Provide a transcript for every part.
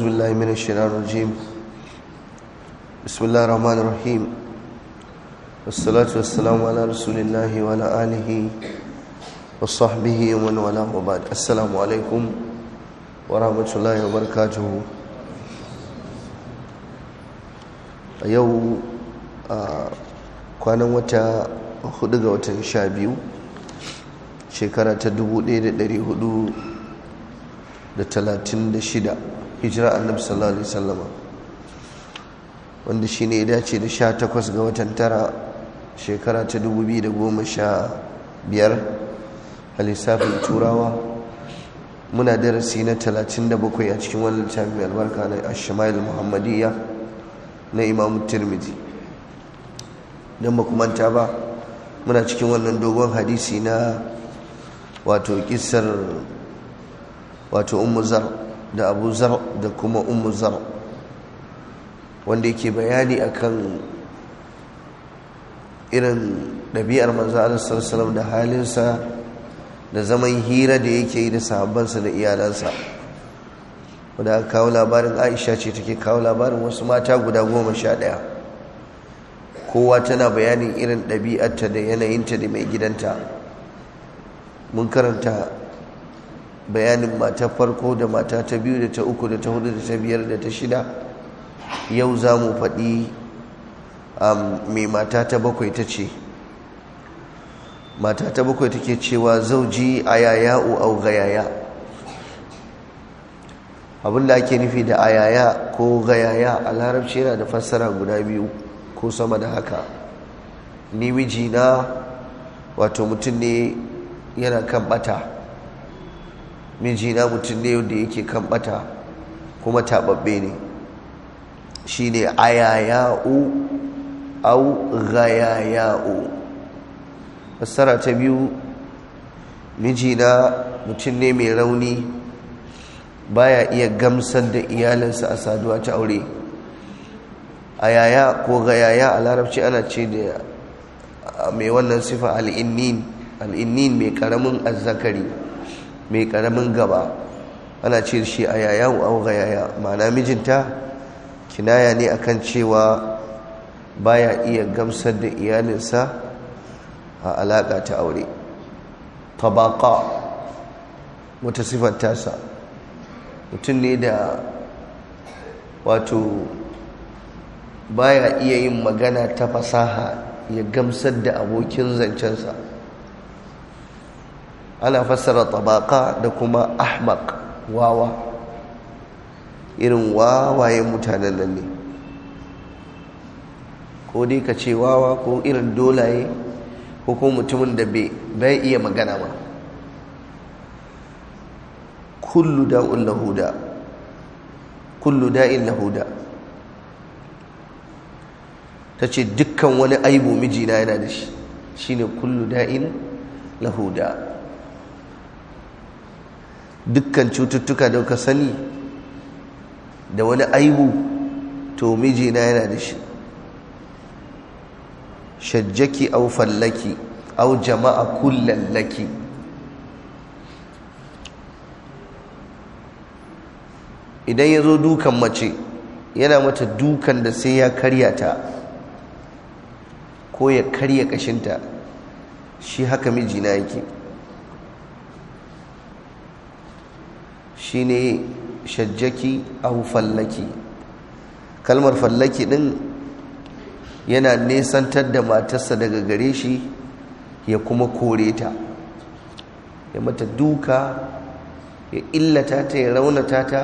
أعوذ بالله من الشيطان الرجيم بسم الله الرحمن الرحيم والصلاة والسلام على رسول الله وعلى آله وصحبه ومن والاه وبعد السلام عليكم ورحمة الله وبركاته yau a kwanan wata hudu ga watan sha biyu shekara ta 1436 hijira annabi sallallahu alaihi wasallama wanda shine ya dace da 18 ga watan tara shekara ta 2015 a lissafin turawa muna darasi na 37 a cikin wannan littafi albarka na ash-shamail muhammadiyya na imam tirmidhi dan ba manta ba muna cikin wannan dogon hadisi na wato kissar wato ummu zar da abu zar da kuma umu zar wanda yake bayani akan irin ɗabi'ar manzan alisalam da halinsa da zaman hira da yake yi da sahabbansa da iyalansa wadda aka kawo labarin aisha ce take kawo labarin wasu mata guda goma sha ɗaya kowa tana bayanin irin ɗabi'arta da yanayinta da mai gidanta mun karanta bayanin mata farko da mata ta biyu da ta uku da ta hudu da ta biyar da ta shida yau za mu faɗi mai um, mata ta bakwai ta ce mata ta bakwai take cewa zauji ayaya'u au yaya abinda ake nufi da ayaya ko yaya a larabci yana da fassara guda biyu ko sama da haka ni mijina wato mutum ne yana kan bata mijina mutum ne wanda yake kan kuma taɓaɓɓe ne shi ne ayaya'u au gayaya'u fassara ta biyu mijina mutum ne mai rauni baya iya gamsar da iyalinsa a saduwa ta aure ayaya ko gayaya a larabci ana ce da mai wannan sifa al'innin mai karamin azzakari mai karamin gaba ana ce shi a yaya wa yaya ma'ana mijinta kinaya ne akan cewa baya iya gamsar da iyalinsa a alaƙa ta aure tabaka wata sifar mutum ne da wato baya iya yin magana ta fasaha ya gamsar da abokin zancensa ana fassara tabaka da kuma ahmak wawa irin wawaye mutanen nan ne ko dai ka ce wawa ko irin dolaye ko kuma mutumin da bai iya magana ba kullu da'un lahuda kullu da'in lahuda ta ce dukkan wani aibu mijina yana da shi shine kullu da'in lahuda dukkan cututtuka da ka sani da wani aibu to mijina yana da shi shajjaki au fallaki au jama'a laki. idan ya zo dukan mace yana mata dukan da sai ya karya ta ko ya karya kashinta shi haka mijina yake Shi ne shajjaki au fallaki kalmar fallaki din yana nesantar da matarsa daga gare shi ya kuma kore ta ya mata duka ya illata ta ya raunata ta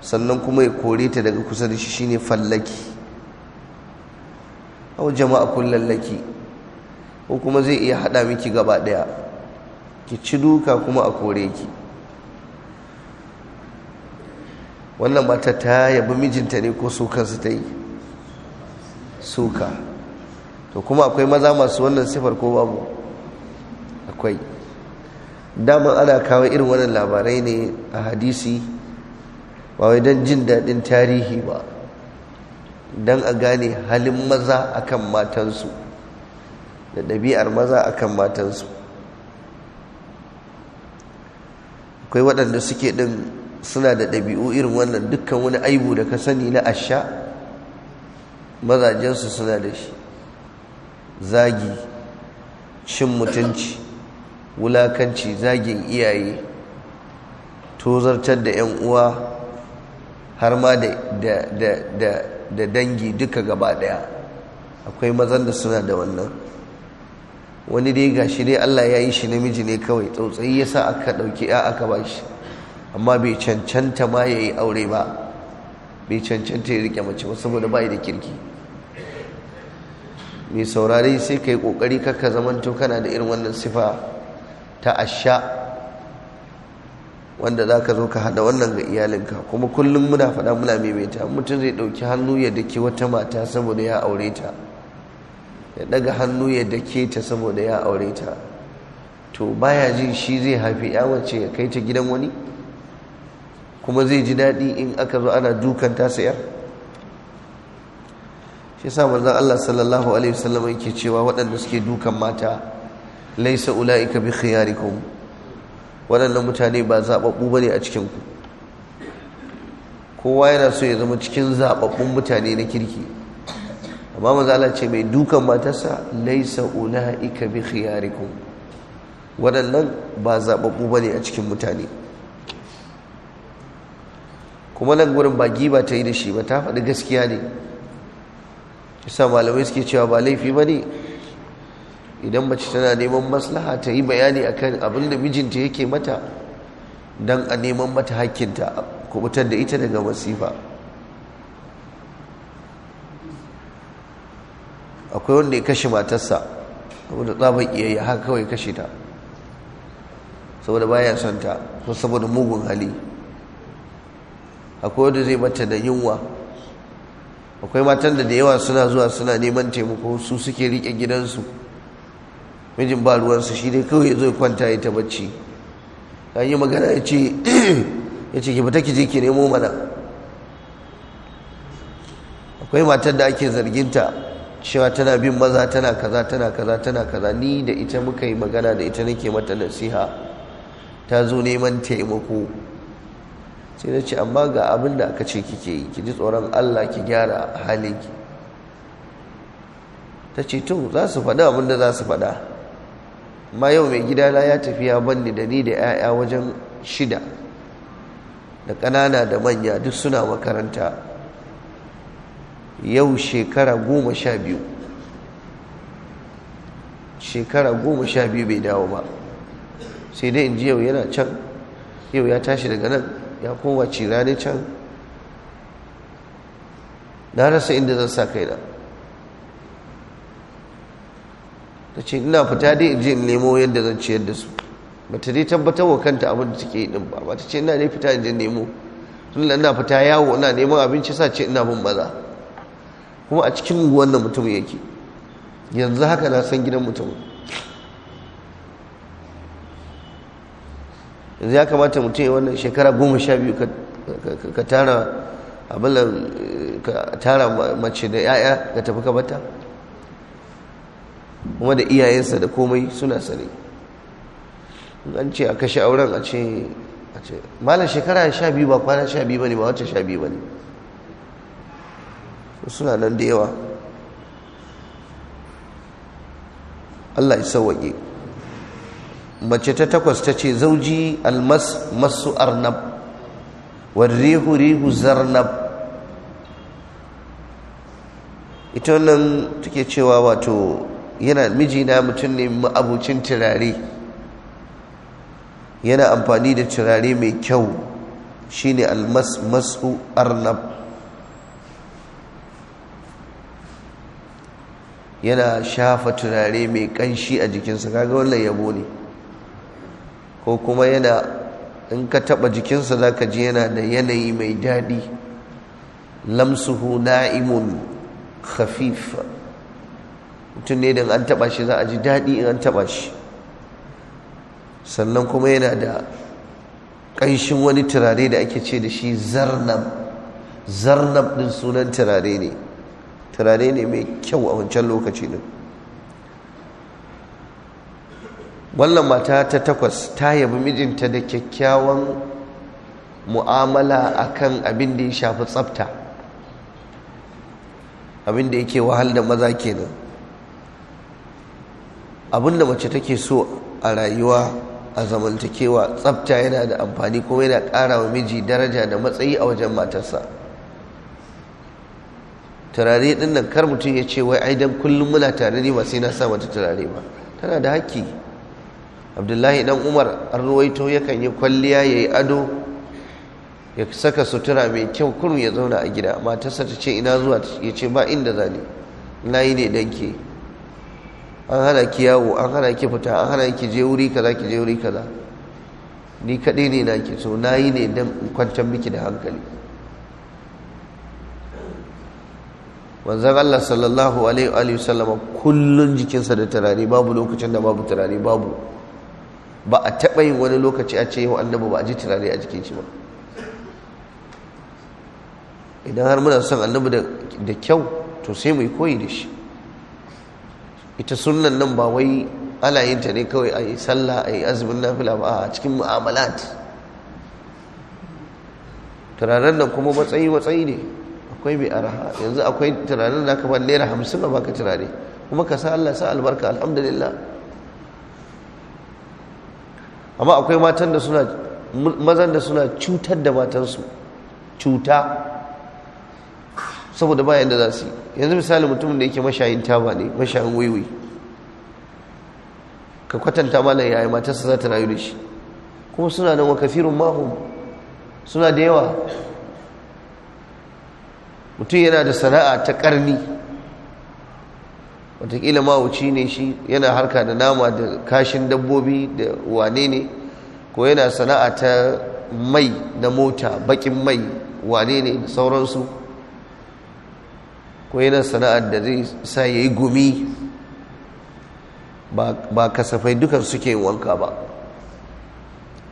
sannan kuma ya kore ta daga kusa da shi shine fallaki au jama'a kullallaki ko kuma zai iya hada miki gaba daya ki ci duka kuma a kore ki wannan mata ta yabi mijinta ne ko su kansu ta yi suka to kuma akwai maza masu wannan sifar ko babu akwai daman ana kawo irin wannan labarai ne a hadisi ba wai don jin daɗin tarihi ba don a gane halin maza akan matansu da ɗabi'ar maza akan matansu akwai waɗanda suke ɗin suna da ɗabi'u irin wannan dukkan wani aibu da ka sani na asha mazajensu suna da shi zagi cin mutunci wulakanci zagin iyaye tozartar da 'yan uwa har ma da dangi duka gaba daya akwai mazan da suna da wannan wani dai gashi dai allah ya yi shi namiji ne kawai tsautsayi ya sa aka ɗauki ya aka ba shi amma bai cancanta ma ya yi aure ba bai cancanta ya rike mace saboda bai da kirki mai saurari sai ka yi ƙoƙari kakka zamanto kana da irin wannan sifa ta asha wanda za ka zo ka hada wannan ga iyalinka kuma kullum muna faɗa muna maimaita mutum zai ɗauki hannu ya dake wata mata saboda ya aure ta ya ɗaga hannu ya dake ta saboda ya aure ta to baya jin shi zai haifi ya wace ya kai ta gidan wani kuma zai ji daɗi in aka zo ana dukan tasayar shi sa mazan Allah sallallahu alaihi wasallam yake cewa waɗanda suke dukan mata laisa ulaika bi khiyarikum waɗannan mutane ba zaɓaɓɓu ne a cikinku kowa yana so ya zama cikin zaɓaɓɓun mutane na kirki amma maza Allah ce mai dukan matarsa laisa ulaika bi khiyarikum waɗannan ba zaɓaɓɓu ne a cikin mutane kuma nan gurin ba giba ta yi da shi ba ta faɗi gaskiya ne yasa malamai suke cewa ba laifi ba ne idan mace tana neman maslaha ta yi bayani akan abin da mijinta yake mata don a neman mata a kubutar da ita daga masifa akwai wanda ya kashe matarsa saboda tsaban iyayya haka kawai kashe ta saboda baya son ta ko saboda mugun hali akwai wanda zai mata da yunwa akwai matan da da yawa suna zuwa suna neman taimako su suke rike gidansu mijin ba ruwansu shi dai kawai zai kwanta ya ta bacci an yi magana ya ce ya ce ki fita ki je ki nemo mana akwai matan da ake zarginta cewa tana bin maza tana kaza tana kaza tana kaza ni da ita muka yi magana da ita nake mata nasiha ta zo neman taimako sai na ce amma ga abin da aka ce kike yi ki ji tsoron Allah ki gyara halinki ta ce tun za su faɗa abin da za su faɗa ma yau mai gida na ya tafiya ya banni da ni da 'ya'ya wajen shida da kanana da manya duk suna makaranta yau shekara goma sha biyu shekara goma sha biyu bai dawo ba sai dai in ji yau yana can yau ya tashi daga nan ya kowa cira ne can na rasa inda zan sa kai da. ta ce ina fita dai in je in nemo yadda zan ciyar da su ba ta dai tabbatar wa kanta abin da take yi din ba ba ta ce ina dai fita in je nemo da ina fita yawo ina neman abinci sa ce ina bin maza kuma a cikin wannan mutum yake yanzu haka na san gidan mutum yanzu ya kamata mutum ya wannan shekara goma sha biyu ka tara abin ka tara mace da 'ya'ya ga tafi ka bata kuma da iyayensa da komai suna sani an ce a kashe auren a ce malam shekara sha biyu ba kwana sha biyu ba ne ba wacce sha biyu ba ne suna nan da yawa Allah ya sauwaƙe mace ta takwas ta ce zauji almas masu arnab warrihu rihu zarnab ita wannan take cewa wato yana mijina mutum ne ma'abucin turare yana amfani da turare mai kyau shine almas masu arnab yana shafa turare mai kanshi a jikinsa kaga wannan yabo ne ko kuma yana in ka taɓa jikinsa za ka ji yana da yanayi mai daɗi lamsuhu na'imun khafifa mutum ne da an taɓa shi za a ji daɗi in an taba shi sannan kuma yana da ƙanshin wani turare da ake ce da shi zarnab zarnab ɗin sunan turare ne turare ne mai kyau a wancan lokaci ɗin wannan mata ta takwas ta yabi mijinta da kyakkyawan mu'amala akan abin da ya shafi tsafta abin da yake wahal da maza kenan abin da mace take so a rayuwa a zamantakewa tsafta yana da amfani kuma yana ƙara wa miji daraja da matsayi a wajen matarsa turare ɗin nan kar mutum ya ce wai aidan kullum muna tare ne ba sai na sa mata turare ba tana da haƙƙi abdullahi dan umar an ruwaito yakan yi kwalliya ya yi ado ya saka sutura mai kyau kurun ya zauna a gida matarsa ta ce ina zuwa ya ce ba inda zane na yi ne dan ke an hana ki yawo an hana ki fita an hana ki je wuri kaza ki je wuri kaza ni kaɗai ne na ke so na yi ne dan kwantar miki da hankali Wanzan Allah sallallahu alaihi wa sallama kullun jikinsa da turare babu lokacin da babu turare babu ba a taɓa yin wani lokaci a ce yau annabi ba a ji turare a jikin shi ba idan har muna son annabi da kyau to sai mu yi koyi da shi ita sunan nan ba wai alayinta ne kawai a yi sallah a yi azumin nafila ba a cikin mu'amalat turaren nan kuma matsayi matsayi ne akwai mai araha yanzu akwai turaren da kamar ba naira hamsin a baka turare kuma ka sa Allah sa albarka alhamdulillah amma akwai matan da suna mazan da suna cutar da matansu cuta saboda bayan da za su yi yanzu misali mutumin da yake mashayin taba ne mashayin waiwai ka kwatanta malam yaya matarsa za ta rayu da shi kuma suna nan wa kafirun mahum suna da yawa mutum yana da sana'a ta karni watakila wuci ne shi yana harka da nama da kashin dabbobi da wane ne ko yana sana'a ta mai na mota bakin mai wane ne da sauransu ko yana sana'ar da zai sa ya yi gumi ba kasafai dukan suke wanka ba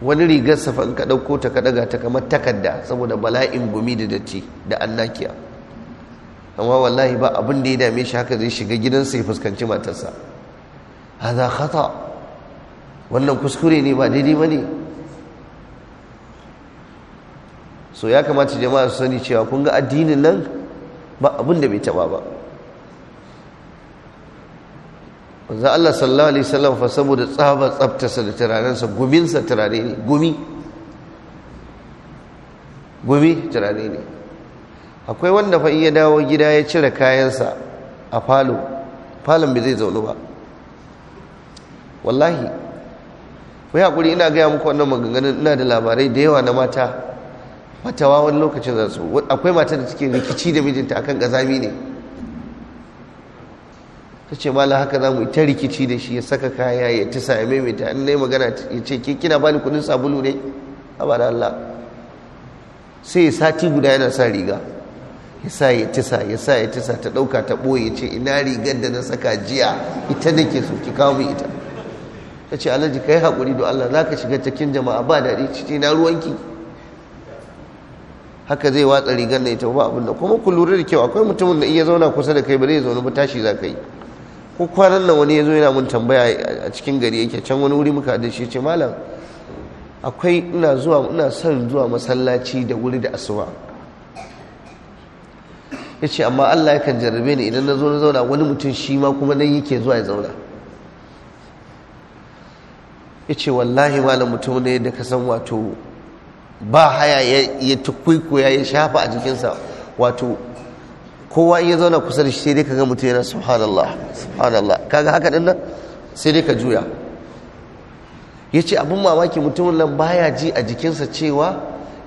wani rigar safan kaɗauko ta ka ɗaga ta kamar takarda saboda bala'in gumi da datti da annakiya amma wallahi ba abin da ya dame shi haka zai shiga gidansa ya fuskanci matarsa haza khata wannan kuskure ne ba daidai ba ne so ya kamata jama'a su sani cewa kun ga addinin nan ba abin da bai taba ba wanzan Allah sallallahu alaihi wasallam fa saboda tsaba tsabtasa da turarensa guminsa turare ne gumi gumi turare ne akwai wanda fa iya dawo gida ya cire kayansa a falo falon bai zai zaunu ba wallahi ku haƙuri ina gaya muku wannan maganganun ina da labarai da yawa na mata matawa wani lokacin za akwai mata da take rikici da mijinta akan gazami ne ta ce la haka za mu rikici da shi ya saka kaya ya ta ya maimaita ta nai magana ya ce ke kina bani kudin sabulu ne a Allah sai sati guda yana sa riga ya sa ya tisa ya sa ya tisa ta ɗauka ta ɓoye ce ina rigar da na saka jiya ita da ke so ki kawo ita ta ce alhaji ka yi haƙuri don Allah za ka shiga cikin jama'a ba daɗi ciki na ruwanki haka zai watsa rigar na ita ba abin da kuma ku lura da kyau akwai mutumin da iya zauna kusa da kai ba zai zaune ba tashi za ka yi ko kwanan nan wani ya zo yana mun tambaya a cikin gari yake can wani wuri muka da shi ce malam akwai ina zuwa ina son zuwa masallaci da wuri da asuba ya ce amma Allah ya kan jarrabe ni idan na zo na zauna wani mutum shi ma kuma nan yake zuwa ya zauna ya ce wallahi malam mutum ne da ka san wato ba haya ya tukwikoya ya shafa a jikinsa wato kowa iya zauna kusa da shi sai dai ka ga mutum yana subhanallah subhanallah kaga haka din nan sai dai ka juya ya ce abin mamaki mutumin nan baya ji a jikinsa cewa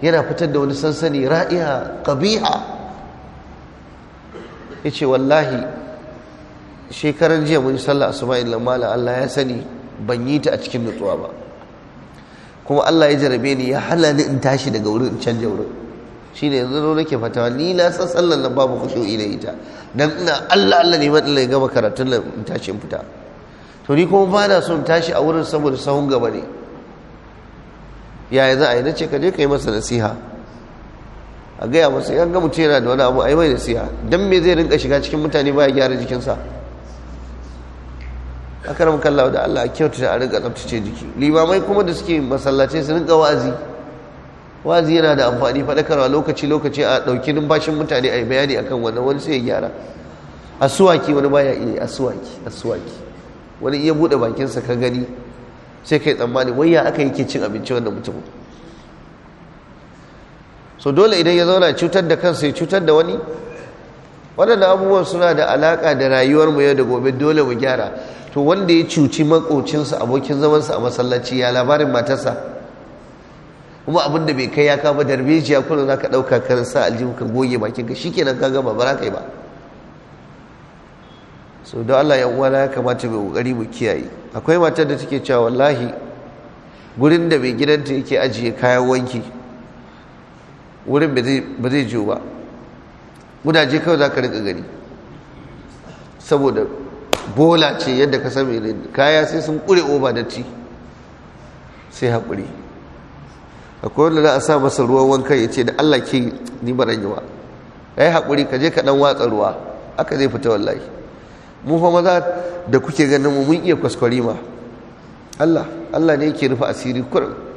yana fitar da wani sansani ra'iya ƙabiha ya ce wallahi shekarar jiya mun salla a illa Allah ya sani ban yi ta a cikin nutsuwa ba kuma Allah ya jarabe ni ya hana ni in tashi daga wurin in canja wurin ne yanzu zo nake fata ni na san tsallar nan babu kusho da ita dan ina Allah Allah ne ma Allah karatun nan in tashi in fita to ni kuma ba na so in tashi a wurin saboda sahun gaba ne yaya za a yi nace ka je ka yi masa nasiha a gaya masu yan ga mutum yana da wani abu a yi mai nasiha don me zai rinka shiga cikin mutane ba ya gyara jikinsa akaram kallah da Allah kyautata a rinka tsabtace jiki limamai kuma da suke masallace su rinka wa'azi wa'azi yana da amfani faɗakarwa lokaci lokaci a ɗauki numfashin mutane a yi bayani a kan wannan wani sai ya gyara asuwaki wani baya iya a suwaki wani iya buɗe bakinsa ka gani sai kai tsammani wai ya aka ke cin abinci wannan mutumin so dole idan ya zauna cutar da kansa ya cutar da wani waɗanda abubuwan suna da alaƙa da rayuwarmu yau da gobe dole mu gyara to wanda ya cuci makocinsa abokin zamansa a masallaci ya labarin matarsa kuma abin da bai kai ya kama darbejiya kullum za ka ɗauka kan sa aljihu ka goge bakin ka shi kenan ka gama ba ba so don allah yan uwana ya kamata mai ƙoƙari mu kiyaye akwai matar da take cewa wallahi gurin da mai gidanta yake ajiye kayan wanki wurin ba zai jiyo ba gudaje kawai za ka rika gani saboda bola ce yadda ka sami kaya sai sun ƙure oba da ci sai haƙuri akwai wanda za a sa masa ruwan wanka ya ce da allah ke ni ba yi ya yi haƙuri ka je ka ɗan watsa ruwa aka zai fita wallahi mu fa maza da kuke ganin mu mun iya kwaskwari ma allah ne yake rufe asiri kurin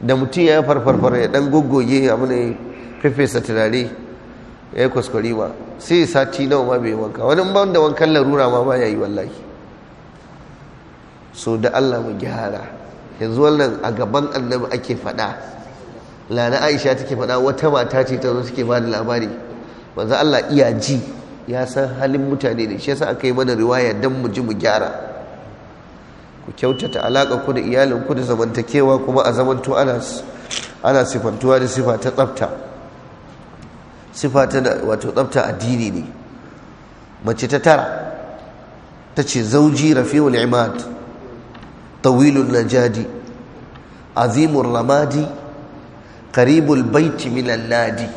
da mutum ya farfarfar ya dan goggoge abu ne fefesa turare ya yi kwaskwari ba sai sati nawa ma bai wanka wani ban da wankan larura ma ba ya yi wallahi so da allah mu gyara yanzu wannan a gaban annabi ake faɗa lana aisha take faɗa wata mata ce ta zo suke ba da labari manzo allah iya ji ya san halin mutane ne shi yasa aka yi mana riwaya dan mu ji mu gyara ku kyautata alaƙa ku da iyalinku da zamantakewa kuma a zamanto ana sifantuwa da sifa ta tsafta sifa ta wato tsafta addini ne mace ta tara ta ce zauji rafiul imad tawilun najadi azimur ramadi karibul baiti minan nadi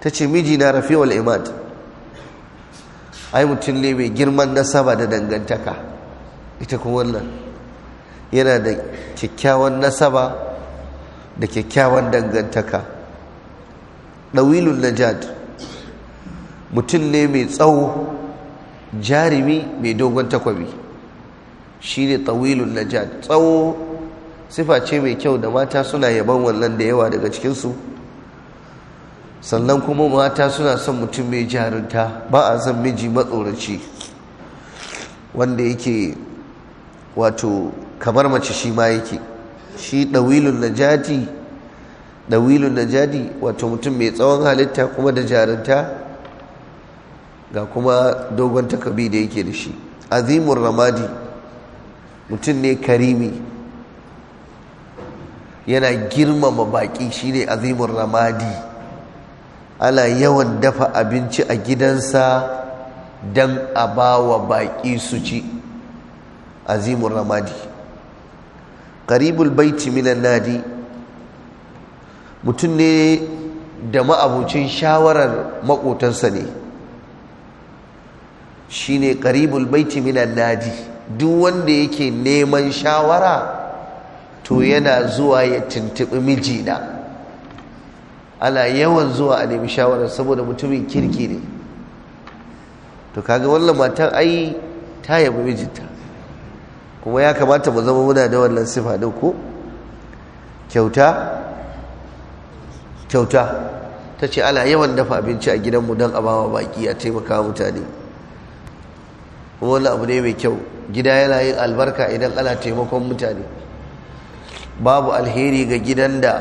ta ce mijina rafiul imad ai mutum ne mai girman nasaba da dangantaka ita kuma wannan yana da kyakkyawan nasaba da kyakkyawan dangantaka ɗawilun najad mutum ne mai tsawo jarumi mai dogon takwabi shi ne ɗawilun najad tsawo sifa ce mai kyau da mata suna yaban wannan da yawa daga cikinsu sannan kuma mata suna son mutum mai jarunta ba a zan miji matsoraci wanda yake wato kamar mace shi ma yake shi ɗawilun najati ɗawilun najati wato mutum mai tsawon halitta kuma da jarinta ga kuma dogon takabi da yake da shi azimun ramadi mutum ne karimi yana girmama baƙi shine azimun ramadi ana yawan dafa abinci a gidansa don a ba wa baƙi su ci azimur ramadi qaribul baiti minan nadi mutum ne da ma'abucin shawarar maƙotansa ne shine qaribul baiti minan nadi duk wanda yake neman shawara to yana zuwa ya tuntuɓi mijina ana yawan zuwa a nemi shawarar saboda mutumin kirki ne to kaga wannan matan ai ta yabi mijinta kuma ya kamata mu zama muna da wannan sifa din ko kyauta kyauta ta ce ala yawan dafa abinci a gidanmu don a bawa baki a taimaka mutane kuma wani abu ne mai kyau gida yana yin albarka idan ana taimakon mutane babu alheri ga gidan da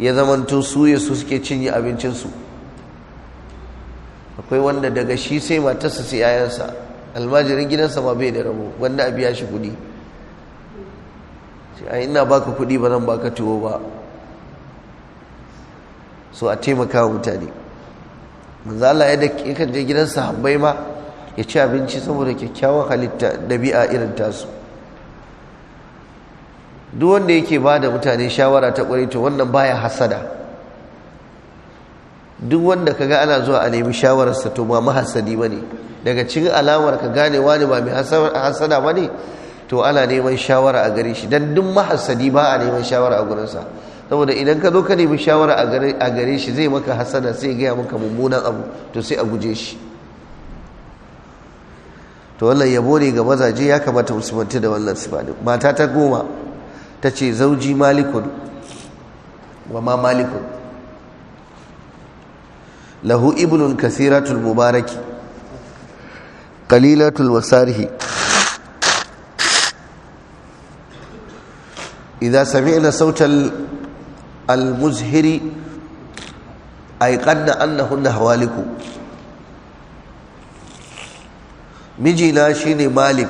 ya zamanto su ya su suke cinye abincinsu akwai wanda daga shi sai matarsa sai 'ya'yansa almajirin gidansa ma bai da rabo wanda a biya shi kuɗi a ina baka kuɗi ba nan baka tuwo ba so a taimaka wa mutane manzo ya da kan je gidan sahabbai ma ya ci abinci saboda kyakkyawan halitta dabi'a irin tasu duk wanda yake ba da mutane shawara ta to wannan baya hasada duk wanda kaga ana zuwa a nemi shawararsa to ba mahasadi ba ne daga cikin alamar ka gane wani ba mai hasada ba ne to ana neman shawara a gare shi don duk mahasadi ba a neman shawara a gurinsa saboda idan ka zo ka nemi shawara a gare shi zai maka hasada sai gaya maka mummunan abu to sai a guje shi to wannan yabo ne ga mazaje ya kamata musulmanci da wannan sifanin mata ta goma ta ce zauji malikun wa ma malikun lahu ibnun kasiratul mubaraki qalilatul wasarihi idza sami'na sautal al-muzhiri annahu nahwaliku hawaliku mijina shine malik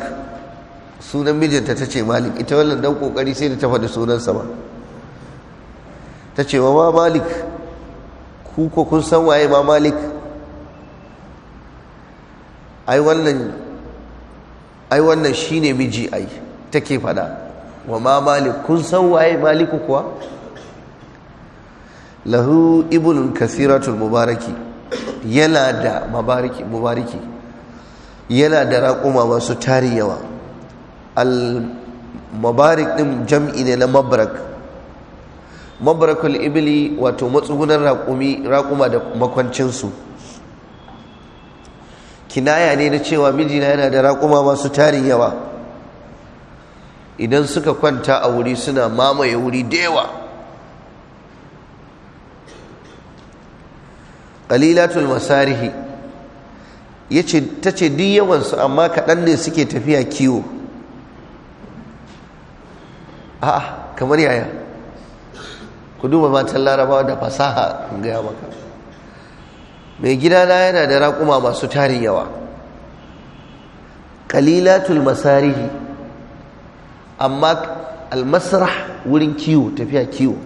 sunan mijinta ta ce malik ita wannan dan kokari sai da ta faɗi sunansa ba ta wa ma malik ku ko kun san waye ma malik ai wannan shi ne miji ai take fada wa ma malik kun san waye maliku kuwa lahu ibulun kasiratul mubaraki yana da mubaraki mubaraki yana da raƙuma masu tari yawa al mubarak din jam'i ne na mabrak mabrakul ibli wato matsugunan raƙumi raƙuma da makwancinsu kinaya ne na cewa mijina yana da raƙuma masu tarin yawa idan suka kwanta a wuri suna mamaye wuri da yawa ƙalilatul masarihi ta ce duk yawan amma kaɗan ne suke tafiya kiwo a'a kamar yaya ku duba matan larabawa da fasaha gaya maka mai gida na yana da raƙuma masu tari yawa ƙalilatul masarihi amma almasrah wurin kiwo tafiya kiwo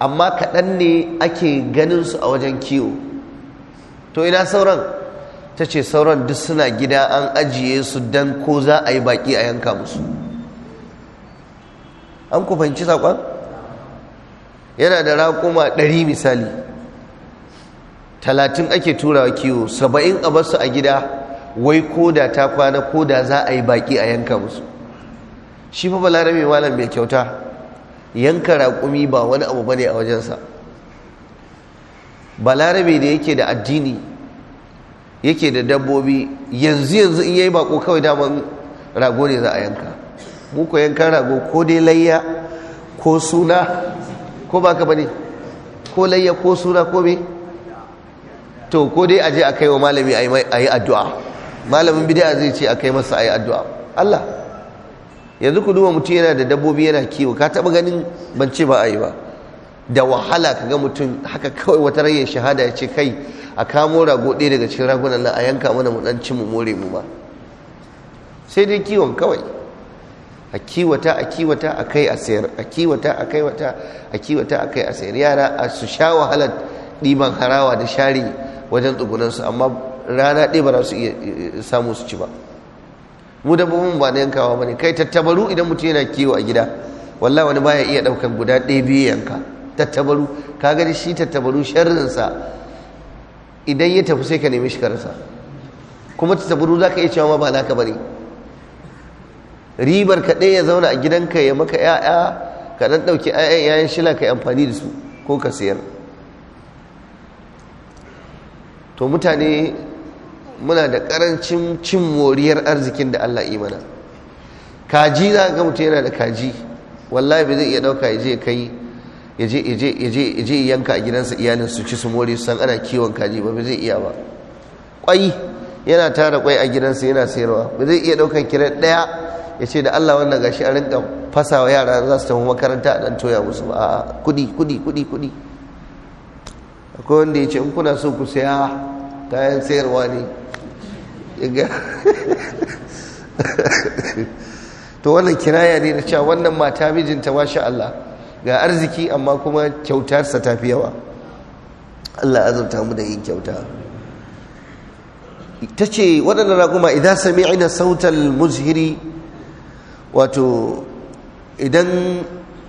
amma kaɗan ne ake ganin su a wajen kiwo to ina sauran ta ce sauran duk suna gida an ajiye su don ko za a yi baƙi a yanka musu an ku fahimci saƙon yana da raƙuma ɗari misali talatin ake turawa kiwo saba'in a basu a gida wai ko da ta kwana ko da za a yi baki a yanka musu shi fa balarabe malam mai kyauta yanka raƙumi ba wani abu bane a wajensa balarabe da yake da addini yake da dabbobi yanzu yanzu in yayi bako kawai daman rago ne za a yanka muku yankan rago ko dai layya ko suna ko baka bane ko layya ko suna ko me to ko dai aje a kai wa malami a yi addu'a malamin bid'a zai ce a kai masa a yi addu'a Allah yanzu ku duba mutum yana da dabbobi yana kiwo ka taba ganin ban ce ba a yi ba da wahala ka ga mutum haka kawai wata rayar shahada ya ce kai a kamo rago ɗaya daga cikin ragunan nan a yanka mana mu ɗan mu more mu ba sai dai kiwon kawai a kiwata a kiwata a kai a sayar a kiwata a kai wata a kiwata a kai a sayar yara a su sha wahalar ɗiban harawa da share wajen tsugunansu amma rana ɗaya ba za su iya eh, samu su ci ba mu dabbobin ba na yankawa ba ne kai tattabaru idan mutum yana kiwo a gida walla wani baya iya ɗaukar guda ɗaya biyu yanka tattabaru ka gani shi tattabaru sharrinsa idan ya tafi sai ka nemi shi karsa kuma tattabaru za ka iya cewa ma ba naka ba ne ribar ka ɗaya ya zauna a gidanka ya maka 'ya'ya ka ɗan ɗauki 'ya'yan shila ka yi amfani da su ko ka sayar to mutane muna da karancin cin moriyar arzikin da Allah imana mana kaji za ga mutum yana da kaji wallahi bai zai iya dauka ya je ya je ya je ya je ya je yanka a gidansa iyalin su ci su more su san ana kiwon kaji ba bai zai iya ba kwai yana tara kwai a gidansa yana sayarwa bai zai iya daukan kira daya ya ce da Allah wannan gashi a rinka fasawa yara za su tafi makaranta a dan toya musu ba a'a kudi kudi kudi kudi akwai wanda ya ce in kuna so ku saya kayan sayarwa ne to wannan kinaya ne na cewa wannan mata mijinta sha Allah ga arziki amma kuma kyautarsa ta fi yawa Allah azurta mu da yin kyauta ta ce waɗanda raguma idan sami'ina sautal muzhiri wato idan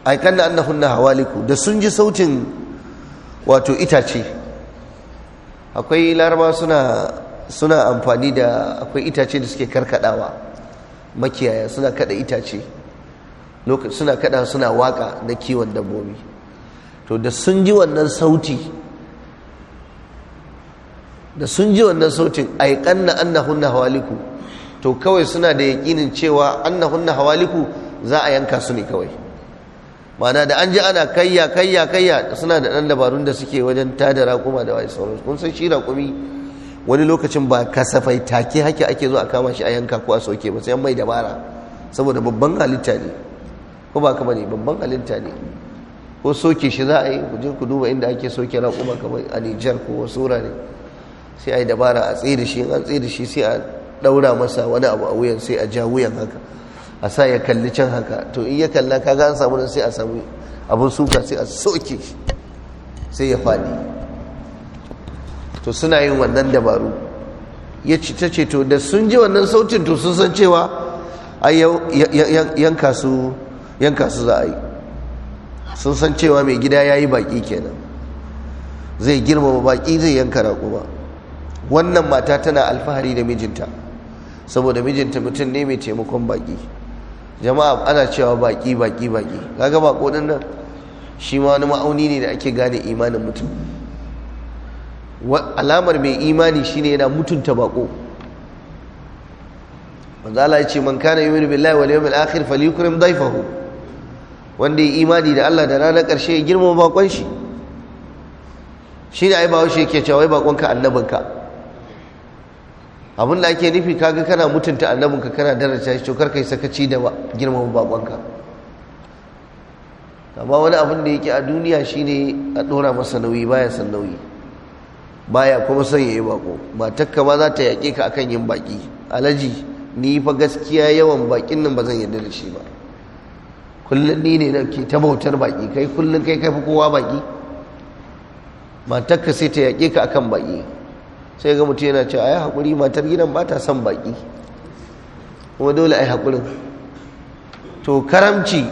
an na annahunna hawaliku da sun ji sautin wato itace akwai laraba suna suna amfani da akwai itace da suke karkadawa makiyaya suna kada itace suna kada suna waka na kiwon dabbobi to da sun ji wannan sauti da sun ji wannan sautin aiƙanna annahunna hawaliku to kawai suna da yaƙinin cewa annahunna hawaliku za a yanka su ne kawai mana da an ji ana kayya kayya kayya suna da ɗan dabarun da suke wajen tada raƙuma da wani sauransu kun san shi raƙumi wani lokacin ba kasafai take hake ake zo a kama shi a yanka ko a soke ba sai an mai dabara saboda babban halitta ne ko ba kama ne babban halitta ne ko soke shi za a yi ku ku duba inda ake soke raƙuma kamar a Nijar ko wasu wurare sai a yi dabara a da shi in an da shi sai a ɗaura masa wani abu a wuyan sai a ja wuyan haka a sa ya kalli can haka to in ya kalla kaga an samu sai a samu abin suka sai a soke sai ya faɗi to suna yin wannan dabaru ya ci ta ce to da sun ji wannan sautin to sun san cewa a yanka yanka su za a yi sun san cewa mai gida ya yi baƙi kenan zai girmama baƙi zai yanka raƙuma wannan mata tana alfahari da mijinta saboda mijinta mutum ne mai taimakon baƙi jama'a ana cewa baki baki baki kaga bako din nan shi ma wani ma'auni ne da ake gane imanin mutum alamar mai imani shine yana mutunta bako manzo Allah ya ce man kana yu'minu billahi wal yawmil akhir falyukrim dayfahu wanda ya imani da Allah da ranar karshe ya girmama bakon shi shi ai ba shi yake cewa wai bakon ka annabinka abin da ake nufi kaga kana mutunta annabinka kana daraja shi cokar kai sakaci da girmama babanka amma wani abin da yake a duniya shine a dora masa nauyi baya san nauyi baya kuma son yayi bako takka ma za ta yake ka akan yin baki alaji ni fa gaskiya yawan bakin nan ba zan yarda da shi ba kullum ni ne nake ta bautar baki kai kullum kai kai fa kowa baki takka sai ta yake ka akan baki sai ga mutum yana cewa ai haƙuri matar gidan ba ta son baƙi kuma dole ai haƙurin to karamci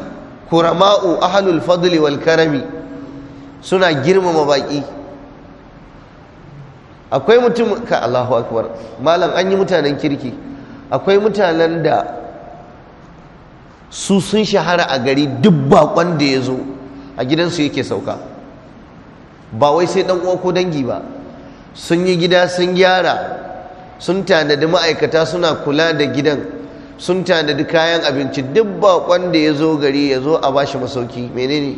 kurama'u ahlul fadli wal karami suna girmama baƙi akwai mutum ka Allahu akbar malam an yi mutanen kirki akwai mutanen da su sun shahara a gari duk bakon da ya zo a gidansu yake sauka ba wai sai dan uwa ko dangi ba sun yi gida sun gyara sun tanadi ma'aikata suna kula da gidan sun tanadi kayan abinci duk bakon da ya zo gari ya zo a bashi masauki menene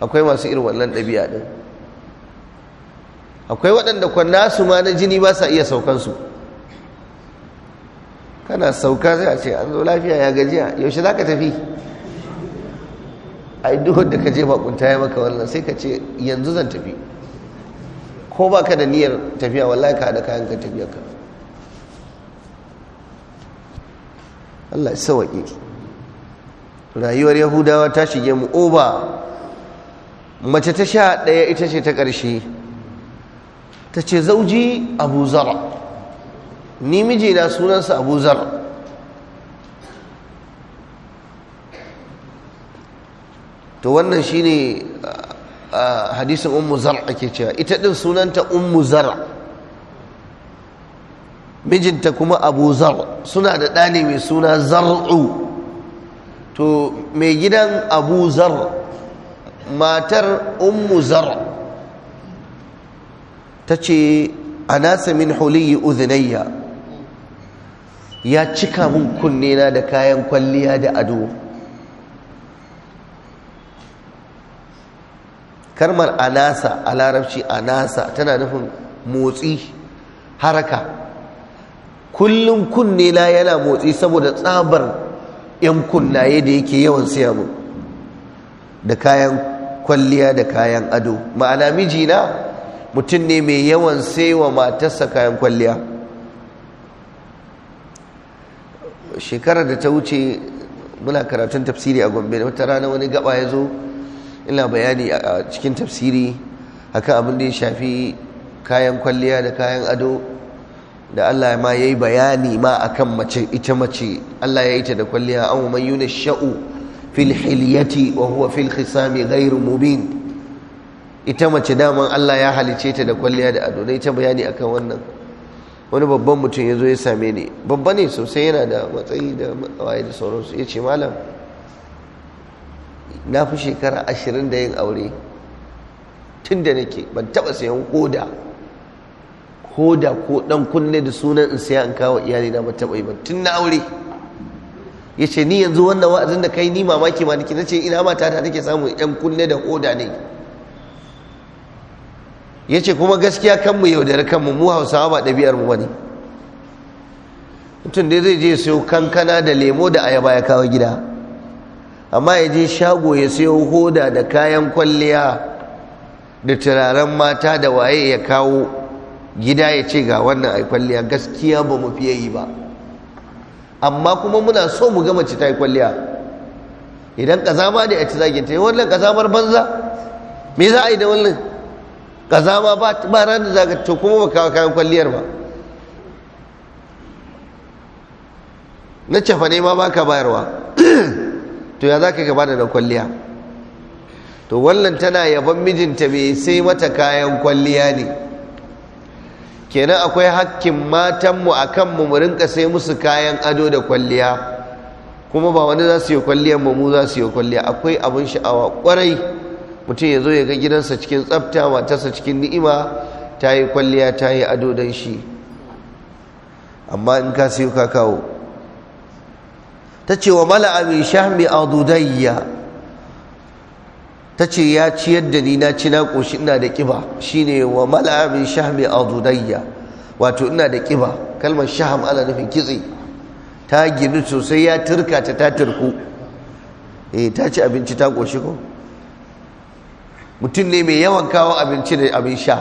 akwai masu irin wannan ɗabi'a ɗin akwai waɗanda kwanna su ma na jini ba sa iya saukansu kana sauka sai a ce an zo lafiya ya gajiya yaushe za ka tafi ai duhun da ka je bakunta ya maka wannan sai ka ce yanzu zan tafi ko ba ka da niyyar tafiya wallahi ka da kayan ka tafiya ka Allah ya sauke rayuwar yahudawa ta shige mu oba oh mace ta sha ɗaya ita ce ta ƙarshe ta ce zauji abu zara ni mijina sunansa abu zara to wannan shine hadisin ummu zar ake cewa ita din sunanta ummu mijinta kuma abu zar suna da ɗani mai suna zar'u to mai gidan abu zar matar ummu zar ta ce anasa min huliyi uzinayya ya cika mun kunnena da kayan kwalliya da ado karmar anasa a larabci anasa tana nufin motsi haraka kullum kunne na yana motsi saboda tsabar 'yan kunnaye da yake yawan siya mu da kayan kwalliya da kayan ado ma'ana mijina mutum ne mai yawan saiwa matarsa kayan kwalliya shekarar da ta wuce muna karatun tafsiri a gombe wata rana wani gaba ya zo ina bayani a cikin tafsiri haka abin da ya shafi kayan kwalliya da kayan ado da Allah ma yayi bayani ma akan mace ita mace Allah ya yi ta da kwalliya an man Sha'u fil hilyati wa huwa fil khisami ghairu mubin ita mace daman Allah ya halice ta da kwalliya da ado ita bayani akan wannan wani babban mutum ya zo ya same ni babba ne sosai yana da matsayi da waye da sauransu ya ce malam na fi shekara ashirin da yin aure tun da nake ban taba sayan koda koda ko dan kunne da sunan in sai in kawo iyali na ba taɓa yi ba tun na aure ya ce ni yanzu wannan wa'azin da kai ni mamaki ma nake nace ina mata ta take samu yan kunne da koda ne ya ce kuma gaskiya kanmu da kanmu mu hausawa ba ɗabi'ar mu bane mutum dai zai je sayo kankana da lemo da ayaba ya kawo gida amma ya je shago ya sayo hoda da kayan kwalliya da turaren mata da waye ya kawo gida ya ce ga wannan a kwalliya gaskiya ba mu fiye yi ba amma kuma muna so mu gama ci ta yi kwalliya idan kazama da ya ci zagin ta yi eh, wannan kazamar banza me za a yi da wannan kazama ba ran da zaga to kuma ba kawo kayan kwalliyar ba na cefa ne ma ka bayarwa to ya za ka gaba da kwalliya to wannan tana yaban mijinta mai sai mata kayan kwalliya ne kenan akwai hakkin matanmu a kanmu mu rinka sai musu kayan ado da kwalliya kuma ba wani za su yi kwalliyan mu za su yi kwalliya akwai abin sha'awa kwarai mutum ya zo ya ga gidansa cikin tsafta matarsa cikin ni'ima ta yi kwalliya ta yi ado don shi amma in ka siyo ka kawo ta ce wa mala'a mai shahmi a dudayya ta ce ya ciyar da ni na ci na ƙoshi ina da ƙiba shine wa mala'a mai shahmi a dudayya wato ina da ƙiba kalmar shaham ana nufin kitse ta gini sosai ya turka ta ta turku eh ta ci abinci ta ƙoshi ko mutum ne mai yawan kawo abinci da abin sha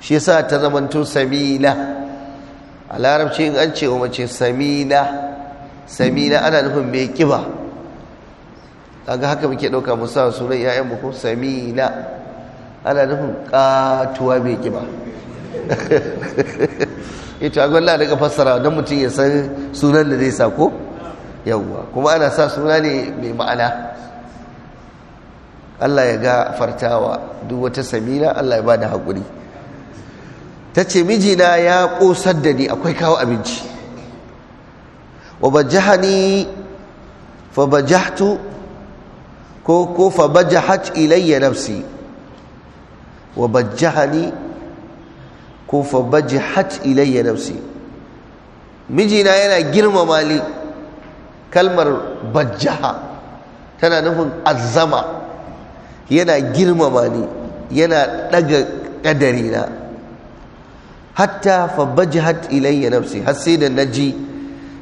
shi yasa ta zamanto samila a larabci in an ce wa mace samila samina ana nufin mai kiba ga haka muke ɗauka musa a sunan ya'yan muku ko samina ana nufin katuwa mai kiba ita gwalla daga fassara don mutum ya san sunan da zai sako yawwa kuma ana sa suna ne mai ma'ana Allah ya ga fartawa duk wata samina Allah ya ba da haƙuri ta ce mijina ya ƙosar da ni akwai kawo abinci wabajahani fabajahtu ko ko fabajahat ilayya nafsi wabajahani ko fabajahat ilayya nafsi mijina yana girmama kalmar bajaha tana nufin azama yana girmama ni yana daga kadari na hatta fabajahat ilayya nafsi har sai da ji.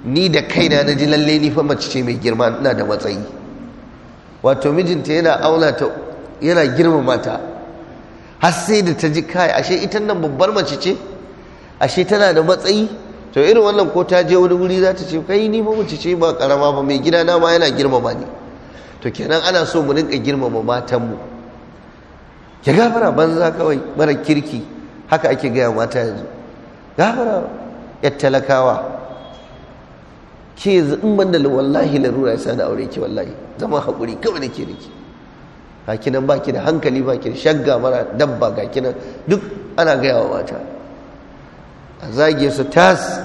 ni da kaina na ji lalle ni fa mace ce mai girma ina da matsayi wato mijinta yana auna ta yana girmama mata har sai da ta ji kai ashe ita nan babbar mace ce ashe tana da matsayi to irin wannan ko ta je wani wuri za ta ce kai ni fa mace ce ba karama ba mai gida na ma yana girmama ni to kenan ana so mu rinka girmama mu. ya gafara banza kawai mara kirki haka ake gaya mata yanzu gafara yar talakawa ke in ban da wallahi larura ya sani aure ki wallahi zama haƙuri kawai da ke da ke. ga ba da hankali ba da shagga mara dabba ga kinan duk ana gaya wa mata a zagiyar su tas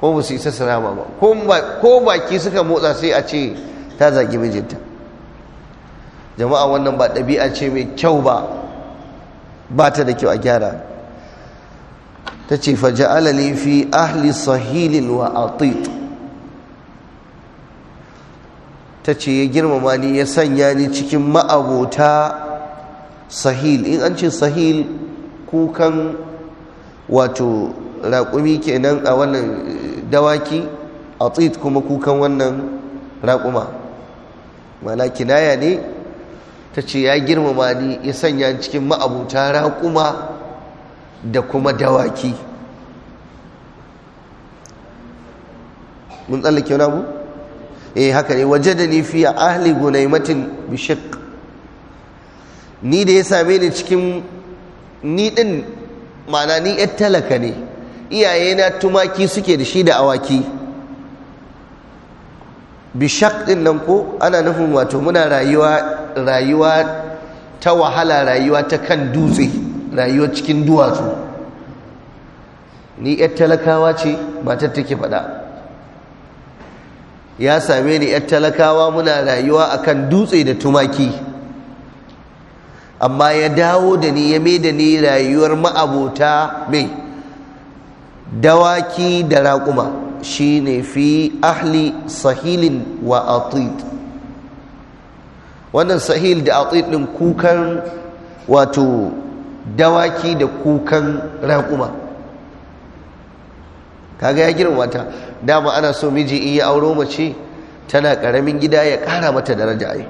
ko ba su isa su rama ba ko baki suka motsa sai a ce ta zagi mijinta jama'a wannan ba ɗabi'a ce mai kyau ba ba ta da kyau a gyara ta ce faja'alali fi ahli sahilin wa atit ta ce ya girmama ni ya sanya ni cikin ma'abota sahil in an ce sahil kukan wato raƙumi kenan a wannan eh, dawaki a tsit kuma kukan wannan raƙuma mana kinaya ne ta ce ya girmama ni ya sanya ni cikin ma'abota raƙuma da kuma dawaki mun tsallake wani abu? eh haka ne wajadani fi ahli gunaimatin bishaq ni da ya same ni cikin ni din mana ni yar talaka ne iyaye na tumaki suke da shi da awaki bishaq din nan ko ana nufin wato muna rayuwa rayuwa ta wahala rayuwa ta kan dutse rayuwa cikin duwatsu ni yar talakawa ce matar take faɗa ya same ni yar talakawa muna rayuwa akan dutse da tumaki amma ya dawo da ni ya mai da ni rayuwar ma'abota mai dawaki da raƙuma shi ne fi ahli sahilin wa atit wannan sahil da atit ɗin kukan wato dawaki da kukan raƙuma kaga ya girma ta dama ana so miji in ya auro mace tana karamin gida ya kara mata daraja ai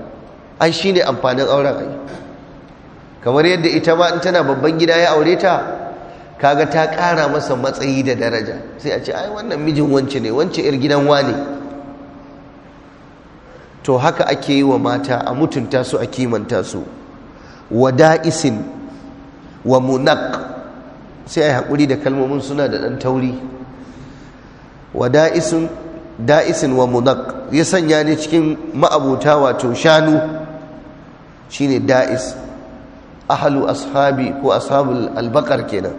ai shine amfanin auren ai kamar yadda ita ma in tana babban gida ya aure ta kaga ta kara masa matsayi da daraja sai a ce ai wannan mijin wance ne wance yar gidan wane to haka ake yi wa mata a mutunta su a kimanta su wada'isin wa munaq sai ai hakuri da kalmomin suna da ɗan tauri wa da'isun da'isin wa munak ya sanya ni cikin ma'abuta wato shanu shine da'is ahalu ashabi ko ashabul albakar kenan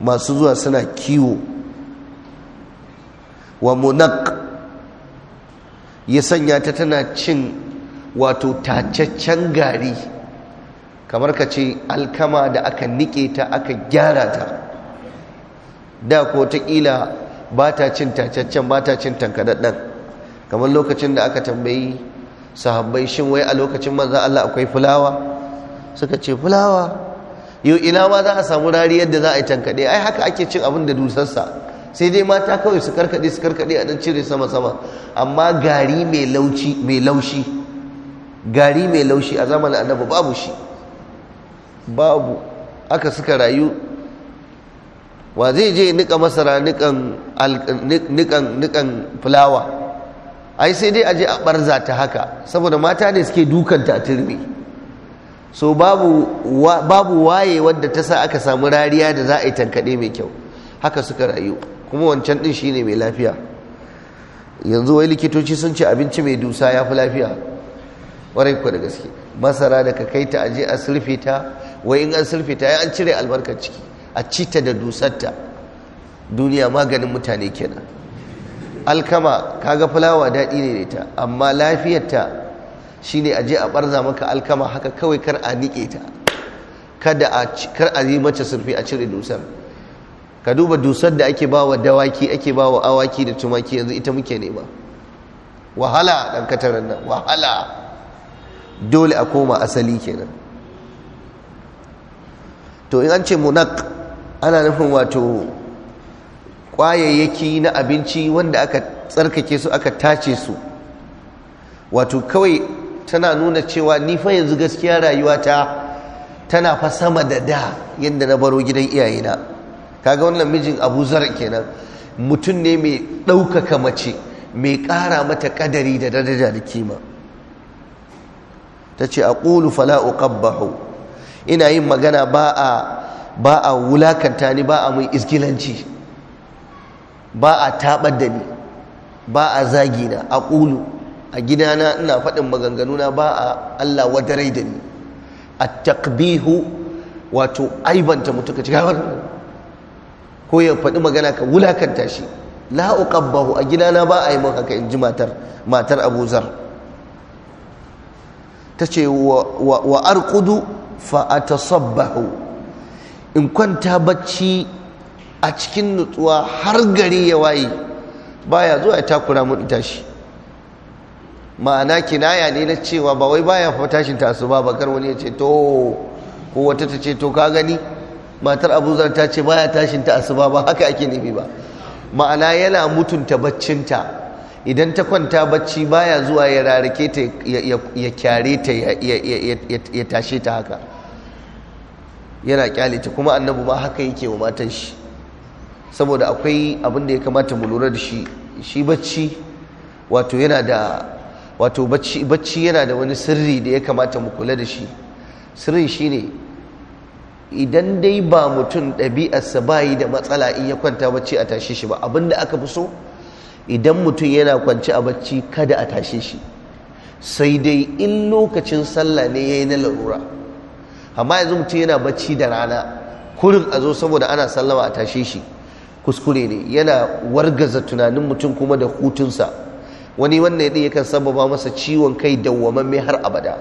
masu zuwa suna kiwo wa munak ya sanya ta tana cin wato tacaccen gari kamar ka ce alkama da aka nike ta aka gyara ta da ko ta ƙila ba ta cin tacaccen ba ta cin tankadaddan kamar lokacin da aka tambayi sahabbai shin wai a lokacin manzo Allah akwai fulawa suka ce fulawa yau ina ma za a samu rari yadda za a yi tankade ai haka ake cin abin da dusarsa sai dai mata kawai su karkade su karkade a dan cire sama sama amma gari mai lauci mai laushi gari mai laushi a zamanin annabi babu shi babu aka suka rayu wa zai je nika masara nikan fulawa ai sai dai a je a barza ta haka saboda mata ne suke dukanta a turmi so babu waye wadda ta sa aka samu rariya da za a yi tankaɗe mai kyau haka suka rayu kuma wancan ɗin shine mai lafiya yanzu wai likitoci sun ce abinci mai dusa ya fi lafiya warai ku da gaske masara da ka kai ta aje a sulfita ta wai in an sulfita ya an cire albarkar ciki a cita da dusarta duniya maganin mutane kenan alkama kaga fulawa daɗi ne da ta amma lafiyarta shine a je a ɓarza maka alkama haka kawai kar a niƙe ta kada a kar a yi mace surfi a cire dusar ka duba dusar da ake bawa dawaki ake bawa awaki da tumaki yanzu ita muke nema wahala ɗan nan wahala dole a koma asali kenan to in an ce munak ana nufin wato kwayayyaki na abinci wanda aka tsarkake su aka tace su wato kawai tana nuna cewa ni fa yanzu gaskiya rayuwata tana fa sama da da yadda na baro gidan iyayena kaga wannan mijin abu zara kenan mutum ne mai ɗaukaka mace mai ƙara mata ƙadari da daraja da kima ta ce a ƙulu fala uqabbahu ina yin magana ba a ba a wulakanta ni ba a mun izgilanci ba a tabar da ni ba a zagi na a ƙulu a gidana ina faɗin na ba a Allah wadarai da ni a takbihu wato aibanta mutu ka ko ya faɗi magana ka wulakanta shi la uqabbahu a gidana ba a yi min haka in ji matar matar Abu Ta tace wa arqudu fa atasabbahu in kwanta bacci a cikin nutsuwa har gari ya waye baya zuwa ya takura mun tashi ma'ana kinaya ne na cewa ba wai baya fa tashin ta asuba ba kar wani ya ce to ko wata ta ce to ka gani matar zan ta ce baya tashin ta asuba ba haka ake nufi ba ma'ana yana mutunta baccinta idan ta kwanta bacci baya zuwa ya rarake ta ya kyare ta ya tashe ta haka yana kyalita kuma annabu ma haka yake wa matan shi saboda akwai abin da ya kamata mu lura da shi shi bacci wato yana da wato bacci yana da wani sirri da ya kamata mu kula da shi sirrin shi ne idan dai ba mutum ɗabi'arsa bayi da matsala in ya kwanta bacci a tashe shi ba abin da aka fi so idan mutum yana kwanci a bacci kada a tashe shi sai dai in lokacin sallah ne ya yi na larura amma yanzu mutum yana bacci da rana kurin a zo saboda ana sallama a tashe shi kuskure ne yana wargaza tunanin mutum kuma da hutunsa wani wannan yadda yakan sababa masa ciwon kai dawwamamme har abada